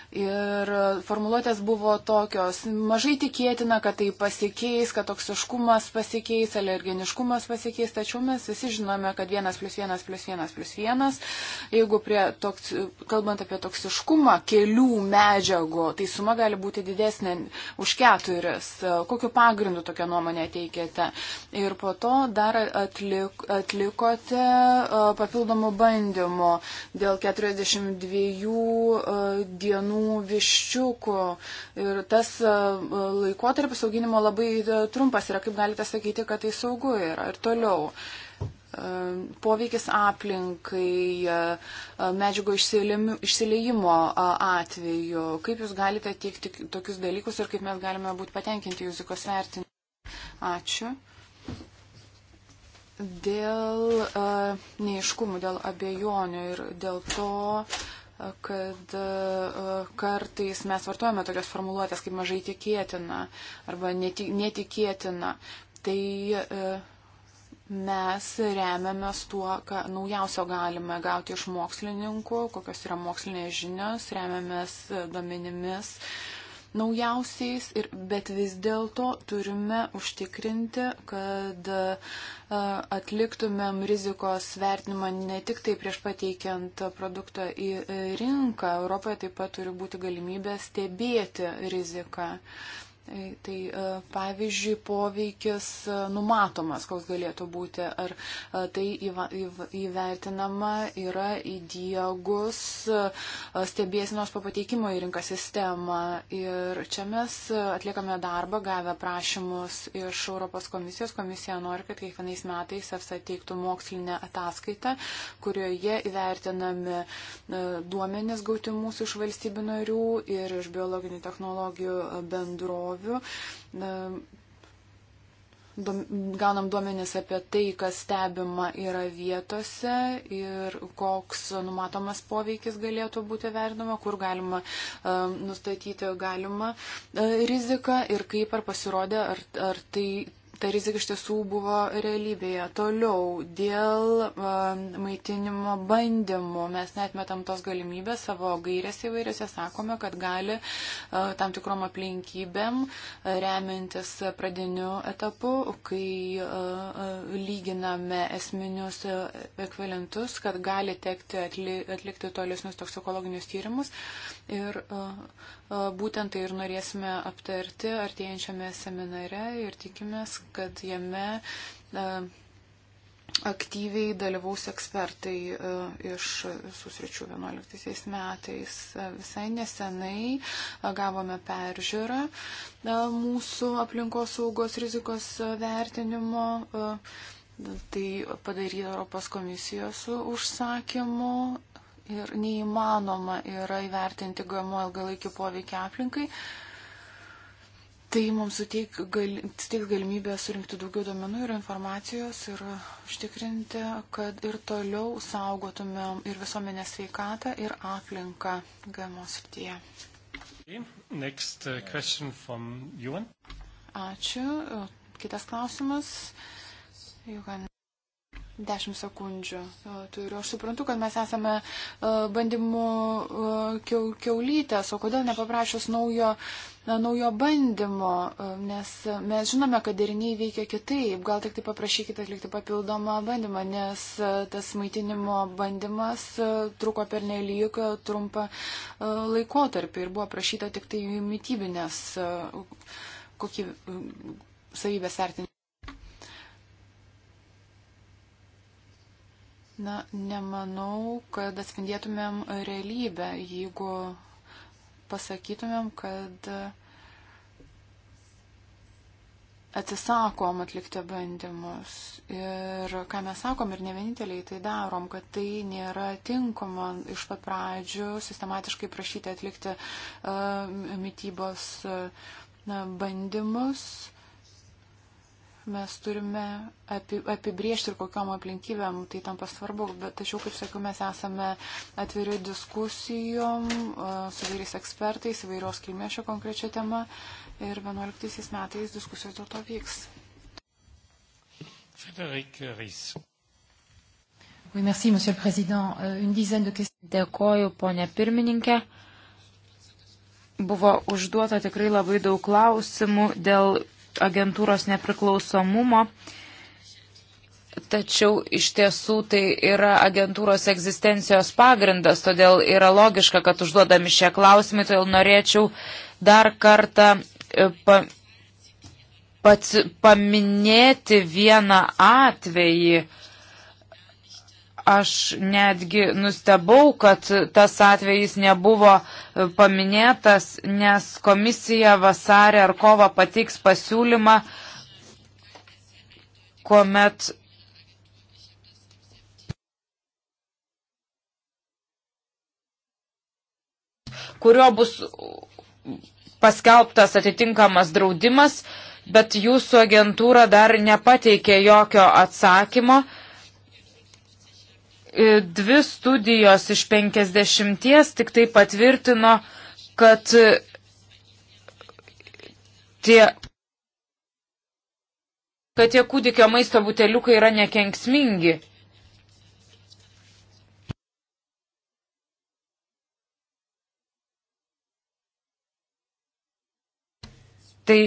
Ir formuluotės buvo tokios, mažai tikėtina, kad tai pasikeis, kad toksiškumas pasikeis, alergeniškumas pasikeis, tačiau mes visi žinome, kad vienas plus vienas plus vienas plus vienas, jeigu prie toks, kalbant apie toksiškumą kelių medžiagų, tai suma gali būti didesnė už keturis. Kokiu pagrindu tokią nuomonę teikėte? Ir po to dar atlik, atlikote papildomų bandymų dėl 42 dienų auginamų viščiukų. Ir tas e, laikotarpis auginimo labai e, trumpas yra, kaip galite sakyti, kad tai saugu yra. Ir toliau e, poveikis aplinkai, medžiago išsileimo atveju. Kaip jūs galite teikti tokius dalykus ir kaip mes galime būti patenkinti jūzikos vertinimu? Ačiū. Dėl neiškumų, dėl abejonių ir dėl to, kad e, kartais mes vartojame tokias formuluotės kaip mažai tikėtina arba netikėtina. Tai e, mes remiamės tuo, ką naujausio galime gauti iš mokslininkų, kokios yra mokslinės žinios, remiamės e, duomenimis, uh, naujausiais, ir, bet vis dėlto turime užtikrinti, kad e, atliktumėm rizikos vertinimą ne tik tai prieš pateikiant produktą į e, rinką, Europoje taip pat turi būti galimybė stebėti riziką. E, tai e, pavyzdžiui, poveikis e, numatomas, koks galėtų būti, ar tai įvertinama yra įdiegus stebėsinos papateikimo į rinką sistemą. Ir čia mes atliekame darbą, gavę prašymus iš Europos komisijos. Komisija nori, kad kiekvienais metais EFSA teiktų mokslinę ataskaitą, kurioje įvertinami duomenys gauti mūsų iš valstybių narių ir iš biologinių technologijų bendrovų naujovių. Gaunam duomenis apie tai, kas stebima yra vietose ir koks numatomas poveikis galėtų būti vertinama, kur galima e, nustatyti galima e, riziką ir kaip ar pasirodė, ar, ar tai ta rizika iš tiesų buvo realybėje. Toliau, dėl maitinimo bandymų mes netmetam tos galimybės, savo gairės įvairiose sakome, kad gali tam tikrom aplinkybėm remiantis pradiniu etapu, kai lyginame esminius ekvivalentus, kad gali tekti atlikti tolesnius toksikologinius tyrimus. Ir būtent tai ir norėsime aptarti artėjančiame seminare ir tikimės, kad jame aktyviai dalyvaus ekspertai iš visų sričių 11 metais. Visai nesenai gavome peržiūrą mūsų aplinkos saugos rizikos vertinimo. Tai padaryti Europos komisijos užsakymu ir neįmanoma yra įvertinti GMO ilgalaikį poveikį aplinkai. Tai mums suteik, gal, suteiks galimybę surinkti daugiau domenų ir informacijos ir užtikrinti, kad ir toliau saugotumėm ir visuomenės sveikatą, ir aplinką GMO srityje. Next uh, question from Juan. Ačiū. Kitas klausimas. Juhan Dešimt sekundžių turiu. Aš suprantu, kad mes esame e, bandymų e, keulytės, o kodėl nepaprašus naujo, naujo bandymo, e, nes mes žinome, kad deriniai veikia kitaip. Gal tik tai paprašykite atlikti papildomą bandymą, nes tas maitinimo bandymas truko per nelyg trumpą laikotarpį ir buvo prašyta tik tai mytybinės kokį savybės vertinti. Na, nemanau, kad atspindėtumėm realybę, jeigu pasakytumėm, kad atsisakom atlikti bandymus. Ir ką mes sakom ir ne vieninteliai tai darom, kad tai nėra tinkama iš pat pradžių sistematiškai prašyti atlikti uh, e, mytybos uh, e, bandymus mes turime apibriežti ir kokiam aplinkybėm tai tampa svarbu, bet tačiau, kaip sakiau, mes esame atviri diskusijom su vairiais ekspertais, vairios kilmės šią konkrečią temą ir 11 metais diskusijos dėl to vyks. Frederik Rys. Oui, merci, Monsieur le Président. Euh, une dizaine de questions. Dėkoju, ponė pirmininkė buvo užduota tikrai labai daug klausimų dėl agentūros nepriklausomumo. Tačiau iš tiesų tai yra agentūros egzistencijos pagrindas, todėl yra logiška, kad užduodami šie klausimai, todėl norėčiau dar kartą e, pa, pats, paminėti vieną atvejį, Aš netgi nustebau, kad tas atvejis nebuvo e, paminėtas, nes komisija vasarė ar kova patiks pasiūlymą, kuomet kurio bus paskelbtas atitinkamas draudimas, bet jūsų agentūra dar nepateikė jokio atsakymo. E, dvi studijos iš penkisdešimties tik tai patvirtino, kad e, tie, kad tie kūdikio maisto buteliukai yra nekenksmingi. Tai.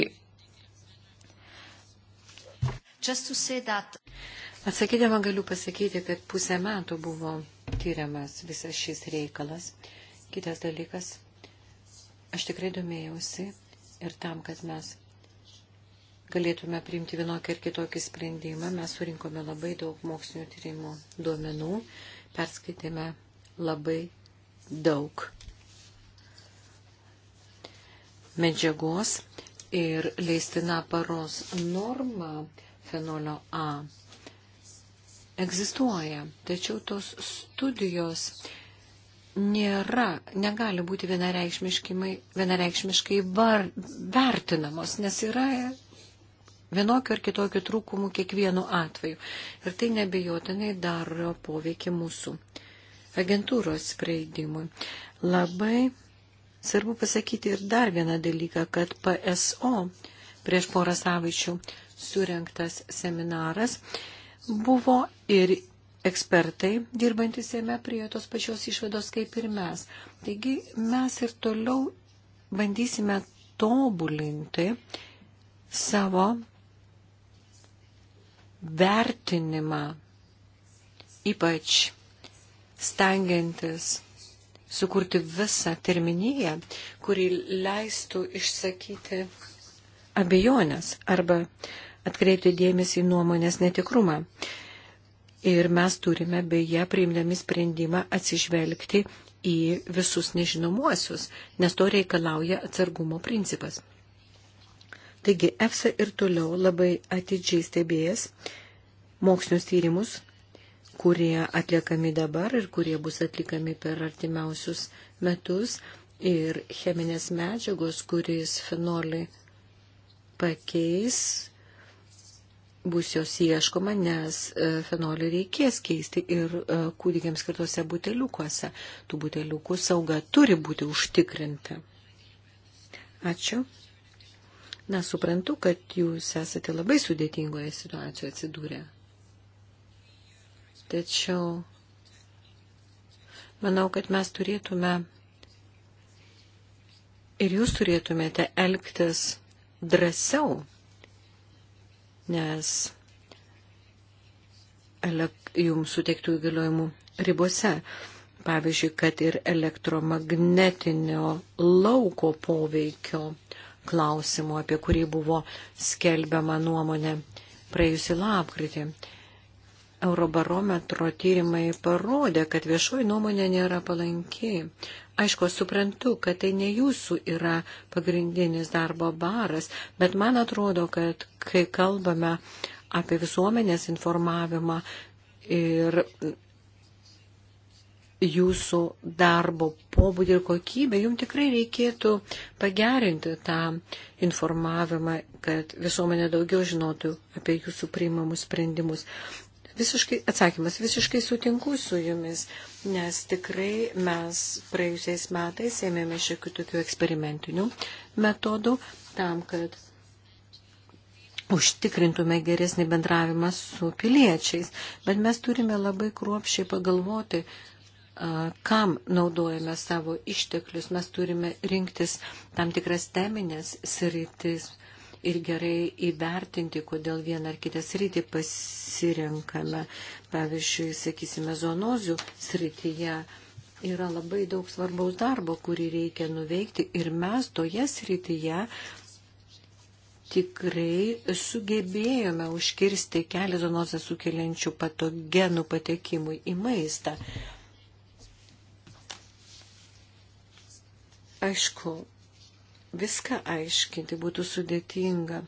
Just to say that. Atsakydama galiu pasakyti, kad pusę metų buvo tyriamas visas šis reikalas. Kitas dalykas, aš tikrai domėjausi ir tam, kad mes galėtume priimti vienokį ir kitokį sprendimą, mes surinkome labai daug mokslinio tyrimo duomenų, perskaitėme labai daug medžiagos ir leistina paros norma fenolio A egzistuoja, tačiau tos studijos nėra, negali būti vienareikšmiškai, vienareikšmiškai var, vertinamos, nes yra vienokių ar kitokių trūkumų kiekvienu atveju. Ir tai nebejotinai daro poveikį mūsų agentūros spreidimui. Labai svarbu pasakyti ir dar vieną dalyką, kad PSO prieš porą savaičių surinktas seminaras Buvo ir ekspertai dirbantis jame prie tos pačios išvados kaip ir mes. Taigi mes ir toliau bandysime tobulinti savo vertinimą, ypač stengiantis sukurti visą terminiją, kuri leistų išsakyti abejonės arba uh, atkreipti dėmesį į nuomonės netikrumą. Ir mes turime beje, priimdami sprendimą, atsižvelgti į visus nežinomuosius, nes to reikalauja atsargumo principas. Taigi EFSA ir toliau labai atidžiai stebėjęs mokslinius tyrimus, kurie atliekami dabar ir kurie bus atliekami per artimiausius metus, ir cheminės medžiagos, kuris fenolį pakeis bus jos ieškoma, nes e, fenolį reikės keisti ir e, kūdikiams skirtose buteliukuose. Tų buteliukų sauga turi būti užtikrinta. Ačiū. Na, suprantu, kad jūs esate labai sudėtingoje situacijoje atsidūrę. Tačiau manau, kad mes turėtume ir jūs turėtumėte elgtis drąsiau nes jums suteiktų įgaliojimų ribose. Pavyzdžiui, kad ir elektromagnetinio lauko poveikio klausimu, apie kurį buvo skelbiama nuomonė praėjusį lapkritį. Eurobarometro tyrimai parodė, kad viešoji nuomonė nėra palanki Aišku, suprantu, kad tai ne jūsų yra pagrindinis darbo baras, bet man atrodo, kad kai kalbame apie visuomenės informavimą ir jūsų darbo pobūdį ir kokybę, jums tikrai reikėtų pagerinti tą informavimą, kad visuomenė daugiau žinotų apie jūsų priimamus sprendimus. Visiškai, atsakymas, visiškai sutinku su jumis, nes tikrai mes praėjusiais metais ėmėme šiek tiek tokių eksperimentinių metodų tam, kad užtikrintume geresnį bendravimą su piliečiais. Bet mes turime labai kruopšiai pagalvoti, kam naudojame savo išteklius. Mes turime rinktis tam tikras teminės sritis, ir gerai įvertinti, kodėl vieną ar kitą sritį pasirenkame. Pavyzdžiui, sakysime, zoonozių srityje yra labai daug svarbaus darbo, kurį reikia nuveikti ir mes toje srityje tikrai sugebėjome užkirsti kelią zonozę sukeliančių patogenų patekimui į maistą. Aišku, viską aiškinti būtų sudėtinga,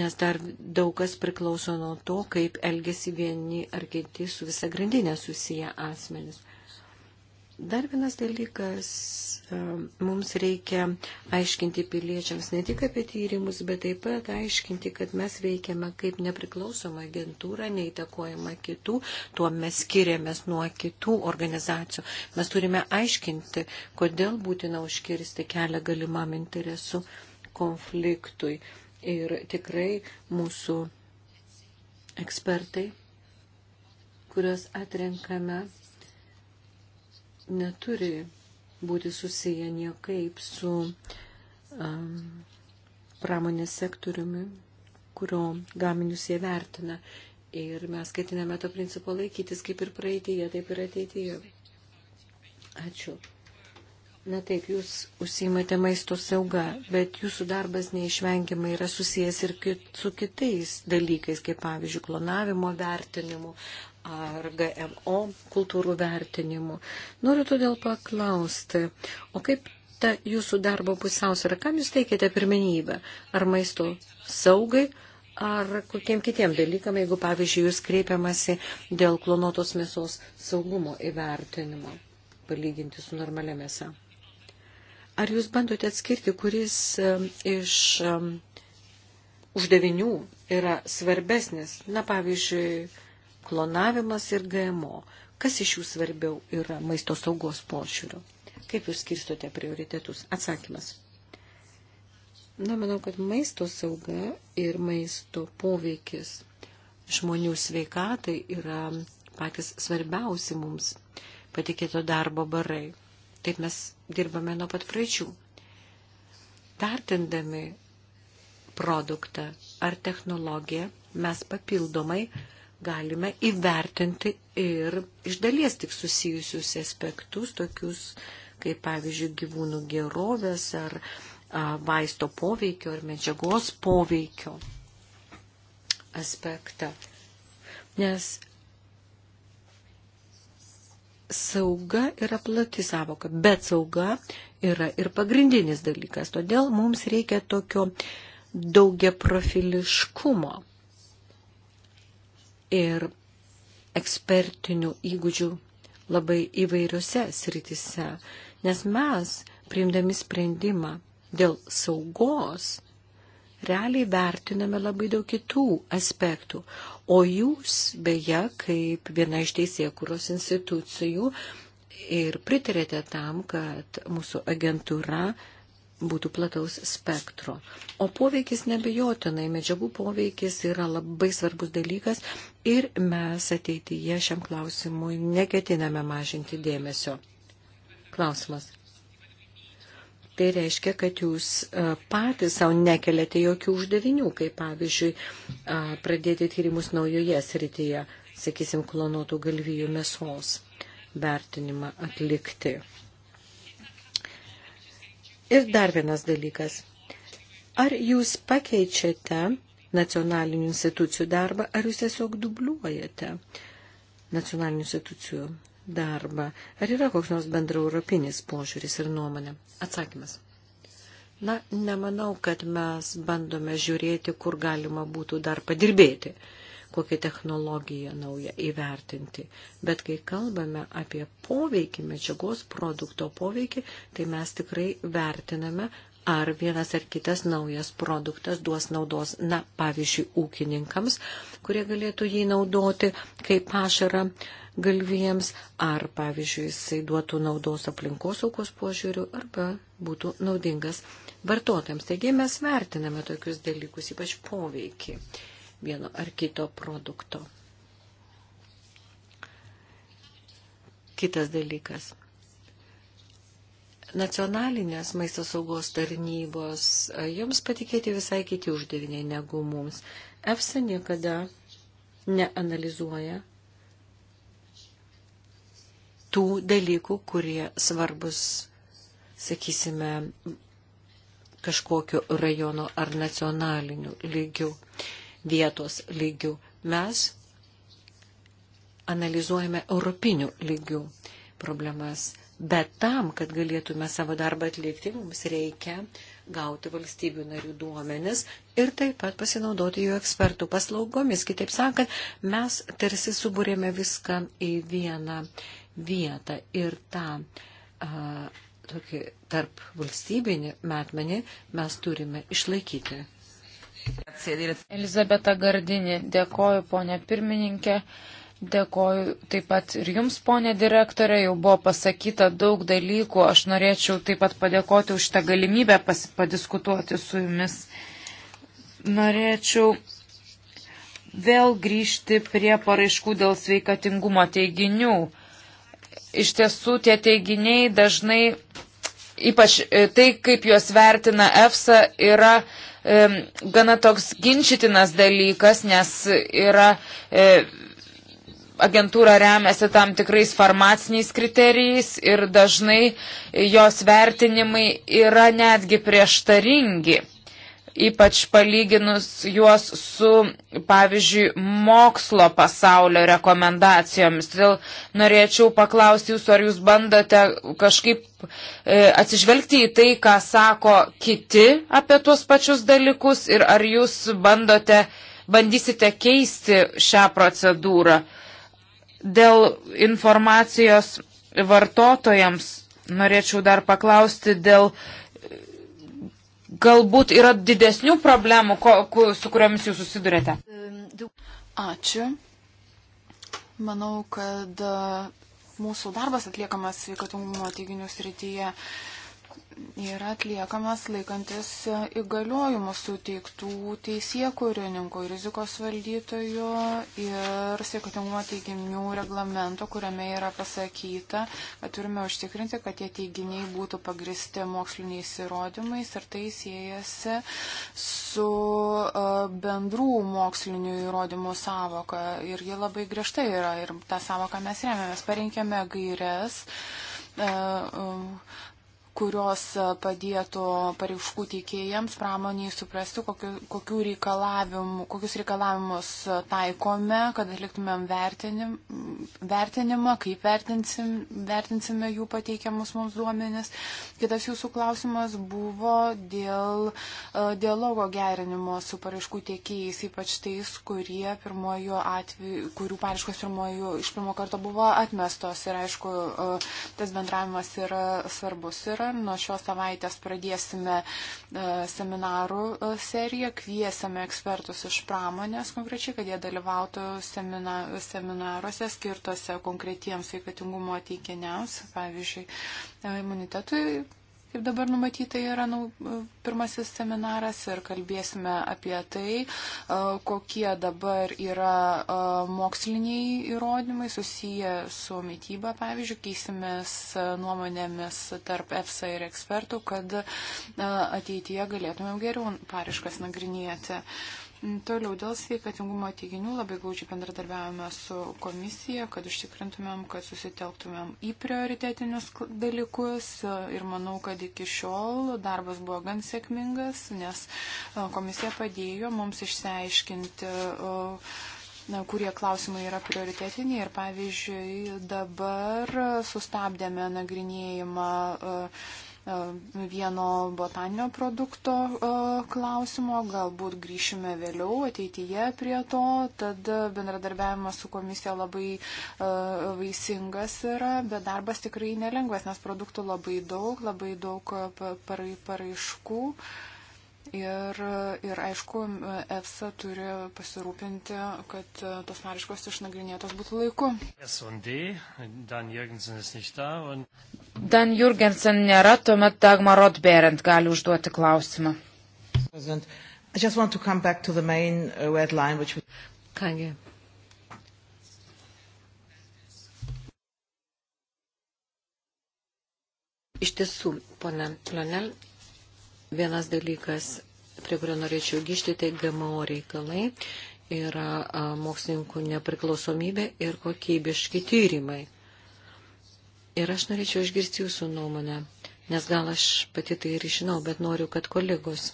nes dar daug kas priklauso nuo to, kaip elgesi vieni ar kiti su visa grandinė susiję asmenis. Dar vienas dalykas, e, mums reikia aiškinti piliečiams ne tik apie tyrimus, bet taip pat aiškinti, kad mes veikiame kaip nepriklausoma agentūra, neįtakojama kitų, tuo mes skiriamės nuo kitų organizacijų. Mes turime aiškinti, kodėl būtina užkirsti kelią galimam interesų konfliktui. Ir tikrai mūsų ekspertai, kuriuos atrenkame neturi būti susiję niekaip su um, pramonės sektoriumi, kurio gaminius jie vertina. Ir mes ketiname to principo laikytis kaip ir praeitėje, taip ir ateityje. Ačiū. Na taip, jūs užsimate maisto saugą, bet jūsų darbas neišvengiamai yra susijęs ir kit, su kitais dalykais, kaip pavyzdžiui, klonavimo vertinimu ar GMO kultūrų vertinimu. Noriu todėl paklausti, o kaip ta jūsų darbo pusiausvėra, kam jūs teikėte pirmenybę? Ar maisto saugai, ar kokiem kitiem dalykam, jeigu, pavyzdžiui, jūs kreipiamasi dėl klonotos mėsos saugumo įvertinimo? palyginti su normalia mėsa. Ar jūs bandote atskirti, kuris iš uždavinių yra svarbesnis? Na, pavyzdžiui, klonavimas ir GMO. Kas iš jų svarbiau yra maisto saugos pošiūrių? Kaip jūs skirstote prioritetus? Atsakymas. Na, manau, kad maisto sauga ir maisto poveikis žmonių sveikatai yra patys svarbiausi mums patikėto darbo barai. Taip mes dirbame nuo pat pradžių. Tartindami produktą ar technologiją, mes papildomai galime įvertinti ir iš dalies tik susijusius aspektus, tokius kaip pavyzdžiui gyvūnų gerovės ar vaisto poveikio ar medžiagos poveikio aspektą. Nes sauga yra plati savoka, bet sauga yra ir pagrindinis dalykas. Todėl mums reikia tokio daugia profiliškumo ir ekspertinių įgūdžių labai įvairiose sritise, nes mes, priimdami sprendimą dėl saugos, realiai vertiname labai daug kitų aspektų. O jūs, beje, kaip viena iš teisėkuros institucijų ir pritarėte tam, kad mūsų agentūra būtų plataus spektro. O poveikis nebejotinai, medžiagų poveikis yra labai svarbus dalykas ir mes ateityje šiam klausimui neketiname mažinti dėmesio. Klausimas tai reiškia, kad jūs e, patys savo nekeliate jokių uždavinių, kaip pavyzdžiui e, pradėti tyrimus naujoje srityje, sakysim, klonotų galvijų mėsos vertinimą atlikti. Ir dar vienas dalykas. Ar jūs pakeičiate nacionalinių institucijų darbą, ar jūs tiesiog dubliuojate nacionalinių institucijų darbą. Ar yra koks nors bendra europinis požiūris ir nuomonė? Atsakymas. Na, nemanau, kad mes bandome žiūrėti, kur galima būtų dar padirbėti, kokią technologiją naują įvertinti. Bet kai kalbame apie poveikį, medžiagos produkto poveikį, tai mes tikrai vertiname, ar vienas ar kitas naujas produktas duos naudos, na, pavyzdžiui, ūkininkams, kurie galėtų jį naudoti kaip pašarą galvijams, ar, pavyzdžiui, jisai duotų naudos aplinkosaugos požiūrių, arba būtų naudingas vartotojams. Taigi mes vertiname tokius dalykus, ypač poveikį vieno ar kito produkto. Kitas dalykas. Nacionalinės maisto saugos tarnybos, joms patikėti visai kiti uždaviniai negu mums. EFSA niekada neanalizuoja tų dalykų, kurie svarbus, sakysime, kažkokio rajono ar nacionalinių lygių, vietos lygių. Mes analizuojame europinių lygių problemas. Bet tam, kad galėtume savo darbą atlikti, mums reikia gauti valstybių narių duomenis ir taip pat pasinaudoti jų ekspertų paslaugomis. Kitaip sakant, mes tarsi subūrėme viską į vieną vietą ir tą a, tokį tarp valstybinį metmenį mes turime išlaikyti. Elizabeta Gardinė, dėkoju ponė pirmininkė. Dėkoju taip pat ir jums, ponė direktorė, jau buvo pasakyta daug dalykų. Aš norėčiau taip pat padėkoti už tą galimybę pas, padiskutuoti su jumis. Norėčiau vėl grįžti prie paraiškų dėl sveikatingumo teiginių iš tiesų tie teiginiai dažnai, ypač e, tai, kaip juos vertina EFSA, yra e, gana toks ginčytinas dalykas, nes yra. E, agentūra remiasi tam tikrais farmaciniais kriterijais ir dažnai jos vertinimai yra netgi prieštaringi ypač palyginus juos su, pavyzdžiui, mokslo pasaulio rekomendacijomis. Todėl norėčiau paklausti jūsų, ar jūs bandote kažkaip e, atsižvelgti į tai, ką sako kiti apie tuos pačius dalykus ir ar jūs bandote, bandysite keisti šią procedūrą. Dėl informacijos vartotojams norėčiau dar paklausti dėl galbūt yra didesnių problemų, ko, ku, su kuriomis jūs susidurėte? Ačiū. Manau, kad e, mūsų darbas atliekamas sveikatumo teiginių srityje yra atliekamas laikantis įgaliojimų suteiktų teisėkurininkų, rizikos valdytojų ir sveikatingumo teiginių reglamento, kuriame yra pasakyta, kad turime užtikrinti, kad tie teiginiai būtų pagristi moksliniais įrodymais ir tai siejasi su e, bendrų mokslinių įrodymų savoka ir ji labai griežtai yra ir tą savoką mes remiamės, parinkėme gairias e, kurios e, padėtų pareiškų teikėjams, pramoniai suprasti, kokiu, kokiu reikalavim, kokius reikalavimus e, taikome, kad atliktumėm vertinim, vertinimą, kaip vertinsim, vertinsime jų pateikiamus mums duomenis. Kitas jūsų klausimas buvo dėl e, dialogo gerinimo su pareiškų teikėjais, ypač tais, kurie pirmojų atveju, kurių pareiškos pirmojų iš pirmo karto buvo atmestos. Ir aišku, tas bendravimas yra svarbus. Ir vasarą. Nuo šios savaitės pradėsime e, seminarų e, seriją. Kviesime ekspertus iš pramonės konkrečiai, kad jie dalyvautų semina, seminaruose skirtose konkretiems sveikatingumo teikiniams, pavyzdžiui, e, imunitetui kaip dabar numatyta yra nu, pirmasis seminaras ir kalbėsime apie tai, e, kokie dabar yra e, moksliniai įrodymai susiję su mytyba. Pavyzdžiui, keisimės nuomonėmis tarp EFSA ir ekspertų, kad ateityje galėtumėm geriau pariškas nagrinėti. Uh, Toliau dėl sveikatingumo teiginių labai glaučiai bendradarbiavame su komisija, kad užtikrintumėm, kad susitelktumėm į prioritetinius dalykus e, ir manau, kad iki šiol darbas buvo gan sėkmingas, nes e, komisija padėjo mums išsiaiškinti e, na, kurie klausimai yra prioritetiniai ir pavyzdžiui dabar sustabdėme nagrinėjimą uh, E, vieno botaninio produkto e, klausimo, galbūt grįšime vėliau ateityje prie to, tad bendradarbiavimas su komisija labai e, vaisingas yra, bet darbas tikrai nelengvas, nes produktų labai daug, labai daug paraiškų. Par, par, Ir, ir aišku, EFSA turi pasirūpinti, kad tos paraiškos išnagrinėtos būtų laiku. D, Dan Jurgensen und... nėra, tuomet Dagmar Rotberent gali užduoti klausimą. Uh, which... Kągi. Iš tiesų, pone Lonel, Vienas dalykas, prie kurio norėčiau grįžti, tai GMO reikalai yra mokslininkų nepriklausomybė ir kokybiški tyrimai. Ir aš norėčiau išgirsti jūsų nuomonę, nes gal aš pati tai ir žinau, bet noriu, kad kolegos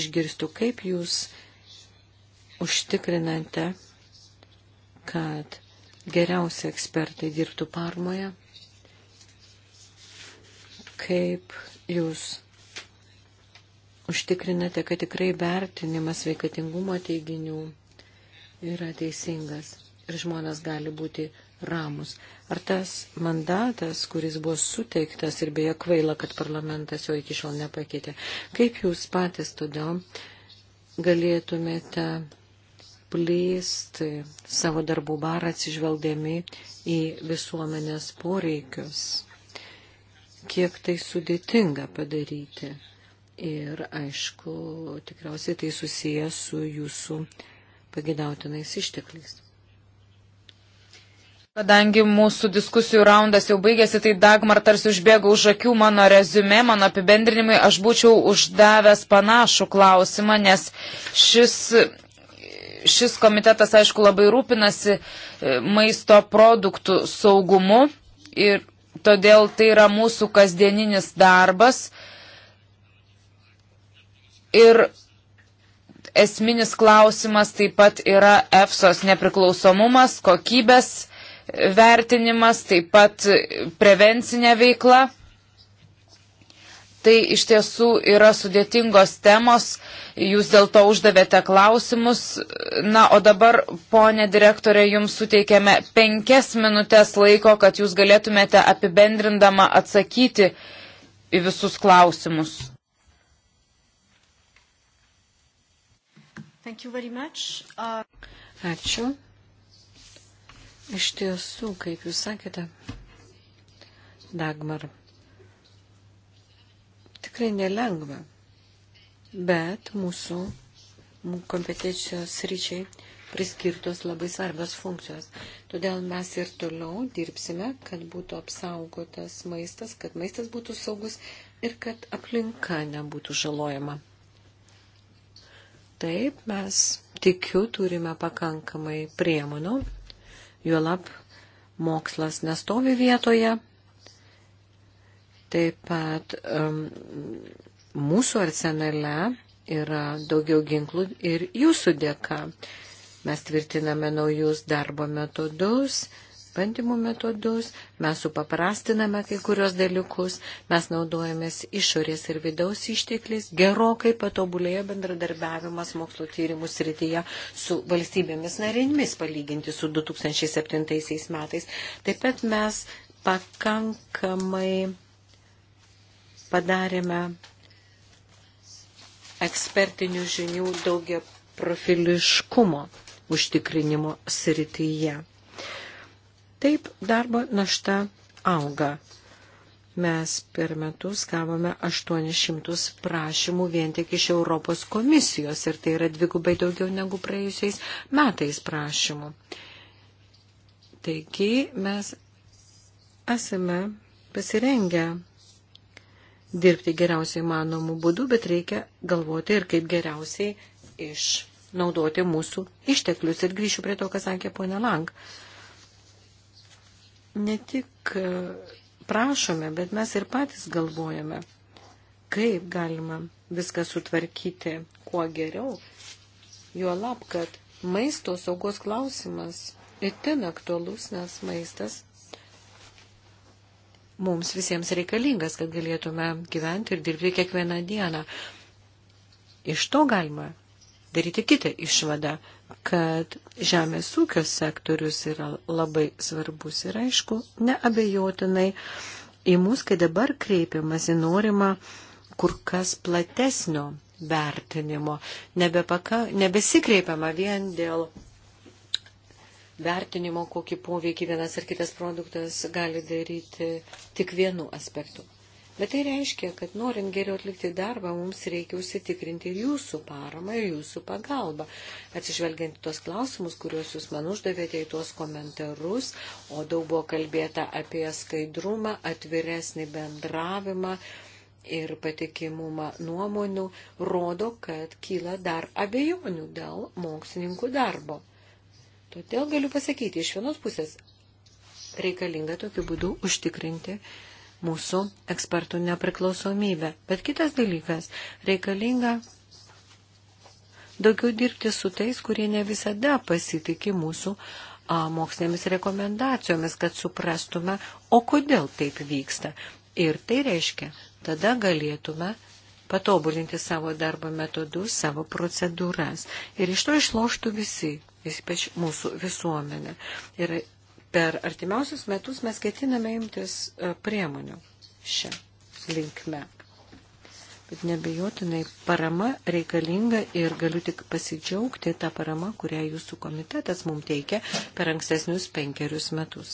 išgirstų, kaip jūs užtikrinate, kad geriausi ekspertai dirbtų parmoje, kaip jūs užtikrinate, kad tikrai vertinimas sveikatingumo teiginių yra teisingas ir žmonės gali būti ramus. Ar tas mandatas, kuris buvo suteiktas ir beje kvaila, kad parlamentas jo iki šiol nepakeitė, kaip jūs patys todėl galėtumėte plėsti savo darbų barą atsižvelgdami į visuomenės poreikius? Kiek tai sudėtinga padaryti? Ir aišku, tikriausiai tai susijęs su jūsų pagidautinais ištekliais. Kadangi mūsų diskusijų raundas jau baigėsi, tai Dagmar tarsi užbėgo už akių mano rezume, mano apibendrinimai, aš būčiau uždavęs panašų klausimą, nes šis šis komitetas, aišku, labai rūpinasi e, maisto produktų saugumu ir todėl tai yra mūsų kasdieninis darbas. Ir esminis klausimas taip pat yra EFSOS nepriklausomumas, kokybės vertinimas, taip pat prevencinė veikla. Tai iš tiesų yra sudėtingos temos, jūs dėl to uždavėte klausimus. Na, o dabar, ponė direktorė, jums suteikėme penkias minutės laiko, kad jūs galėtumėte apibendrindama atsakyti į visus klausimus. Thank you very much. Uh... Ačiū. Iš tiesų, kaip jūs sakėte, Dagmar, tikrai nelengva, bet mūsų kompetencijos ryčiai priskirtos labai svarbios funkcijos. Todėl mes ir toliau dirbsime, kad būtų apsaugotas maistas, kad maistas būtų saugus ir kad aplinka nebūtų žalojama. Taip, mes tikiu turime pakankamai priemonių, juolab mokslas nestovi vietoje. Taip pat um, mūsų arsenale yra daugiau ginklų ir jūsų dėka. Mes tvirtiname naujus darbo metodus, bandymų metodus, mes supaprastiname kai kurios dalykus, mes naudojamės išorės ir vidaus ištekliais, gerokai patobulėjo bendradarbiavimas mokslo tyrimų srityje su valstybėmis narėmis palyginti su 2007 metais. Taip pat mes pakankamai padarėme ekspertinių žinių daugia profiliškumo užtikrinimo srityje. Taip darbo našta auga. Mes per metus gavome 800 prašymų vien tik iš Europos komisijos ir tai yra dvigubai daugiau negu praėjusiais metais prašymų. Taigi mes esame pasirengę dirbti geriausiai manomų būdų, bet reikia galvoti ir kaip geriausiai išnaudoti mūsų išteklius. Ir grįšiu prie to, ką sakė ponia Lang. Uh, ne tik e, prašome, bet mes ir patys galvojame, kaip galima viską sutvarkyti kuo geriau. Juo lab, kad maisto saugos klausimas itin aktualus, nes maistas mums visiems reikalingas, kad galėtume gyventi ir dirbti kiekvieną dieną. Iš to galima daryti kitą išvadą, kad žemės ūkio sektorius yra labai svarbus ir aišku, neabejotinai į mus, kai dabar kreipiamas į norimą kur kas platesnio vertinimo, Nebepaka, nebesikreipiama vien dėl vertinimo, kokį poveikį vienas ar kitas produktas gali daryti tik vienu aspektu. Bet tai reiškia, kad norint geriau atlikti darbą, mums reikia užsitikrinti ir jūsų paramą, ir jūsų pagalbą. Atsižvelgiant į tos klausimus, kuriuos jūs man uždavėte į tuos komentarus, o daug buvo kalbėta apie skaidrumą, atviresnį bendravimą ir patikimumą nuomonių, rodo, kad kyla dar abejonių dėl mokslininkų darbo. Todėl galiu pasakyti, iš vienos pusės reikalinga tokiu būdu užtikrinti mūsų ekspertų nepriklausomybę. Bet kitas dalykas - reikalinga daugiau dirbti su tais, kurie ne visada pasitikė mūsų a, mokslinėmis rekomendacijomis, kad suprastume, o kodėl taip vyksta. Ir tai reiškia, tada galėtume patobulinti savo darbo metodus, savo procedūras. Ir iš to išloštų visi, ypač mūsų visuomenė. Ir per artimiausius metus mes ketiname imtis e, priemonių šią linkme. Bet nebejotinai parama reikalinga ir galiu tik pasidžiaugti tą paramą, kurią jūsų komitetas mums teikia per ankstesnius penkerius metus.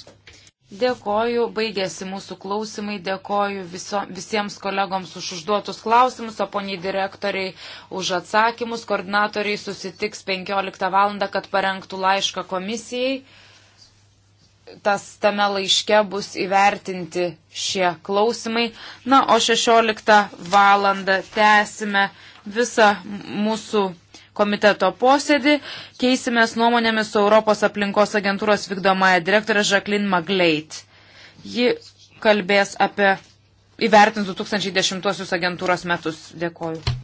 Dėkoju, baigėsi mūsų klausimai, dėkoju viso, visiems kolegoms už užduotus klausimus, o poniai direktoriai už atsakymus. Koordinatoriai susitiks 15 val. kad parengtų laišką komisijai tas tame laiške bus įvertinti šie klausimai. Na, o 16 valandą tęsime visą mūsų komiteto posėdį. Keisimės nuomonėmis su Europos aplinkos agentūros vykdomąją direktorę Žaklin Magleit. Ji kalbės apie įvertins 2010 agentūros metus. Dėkoju.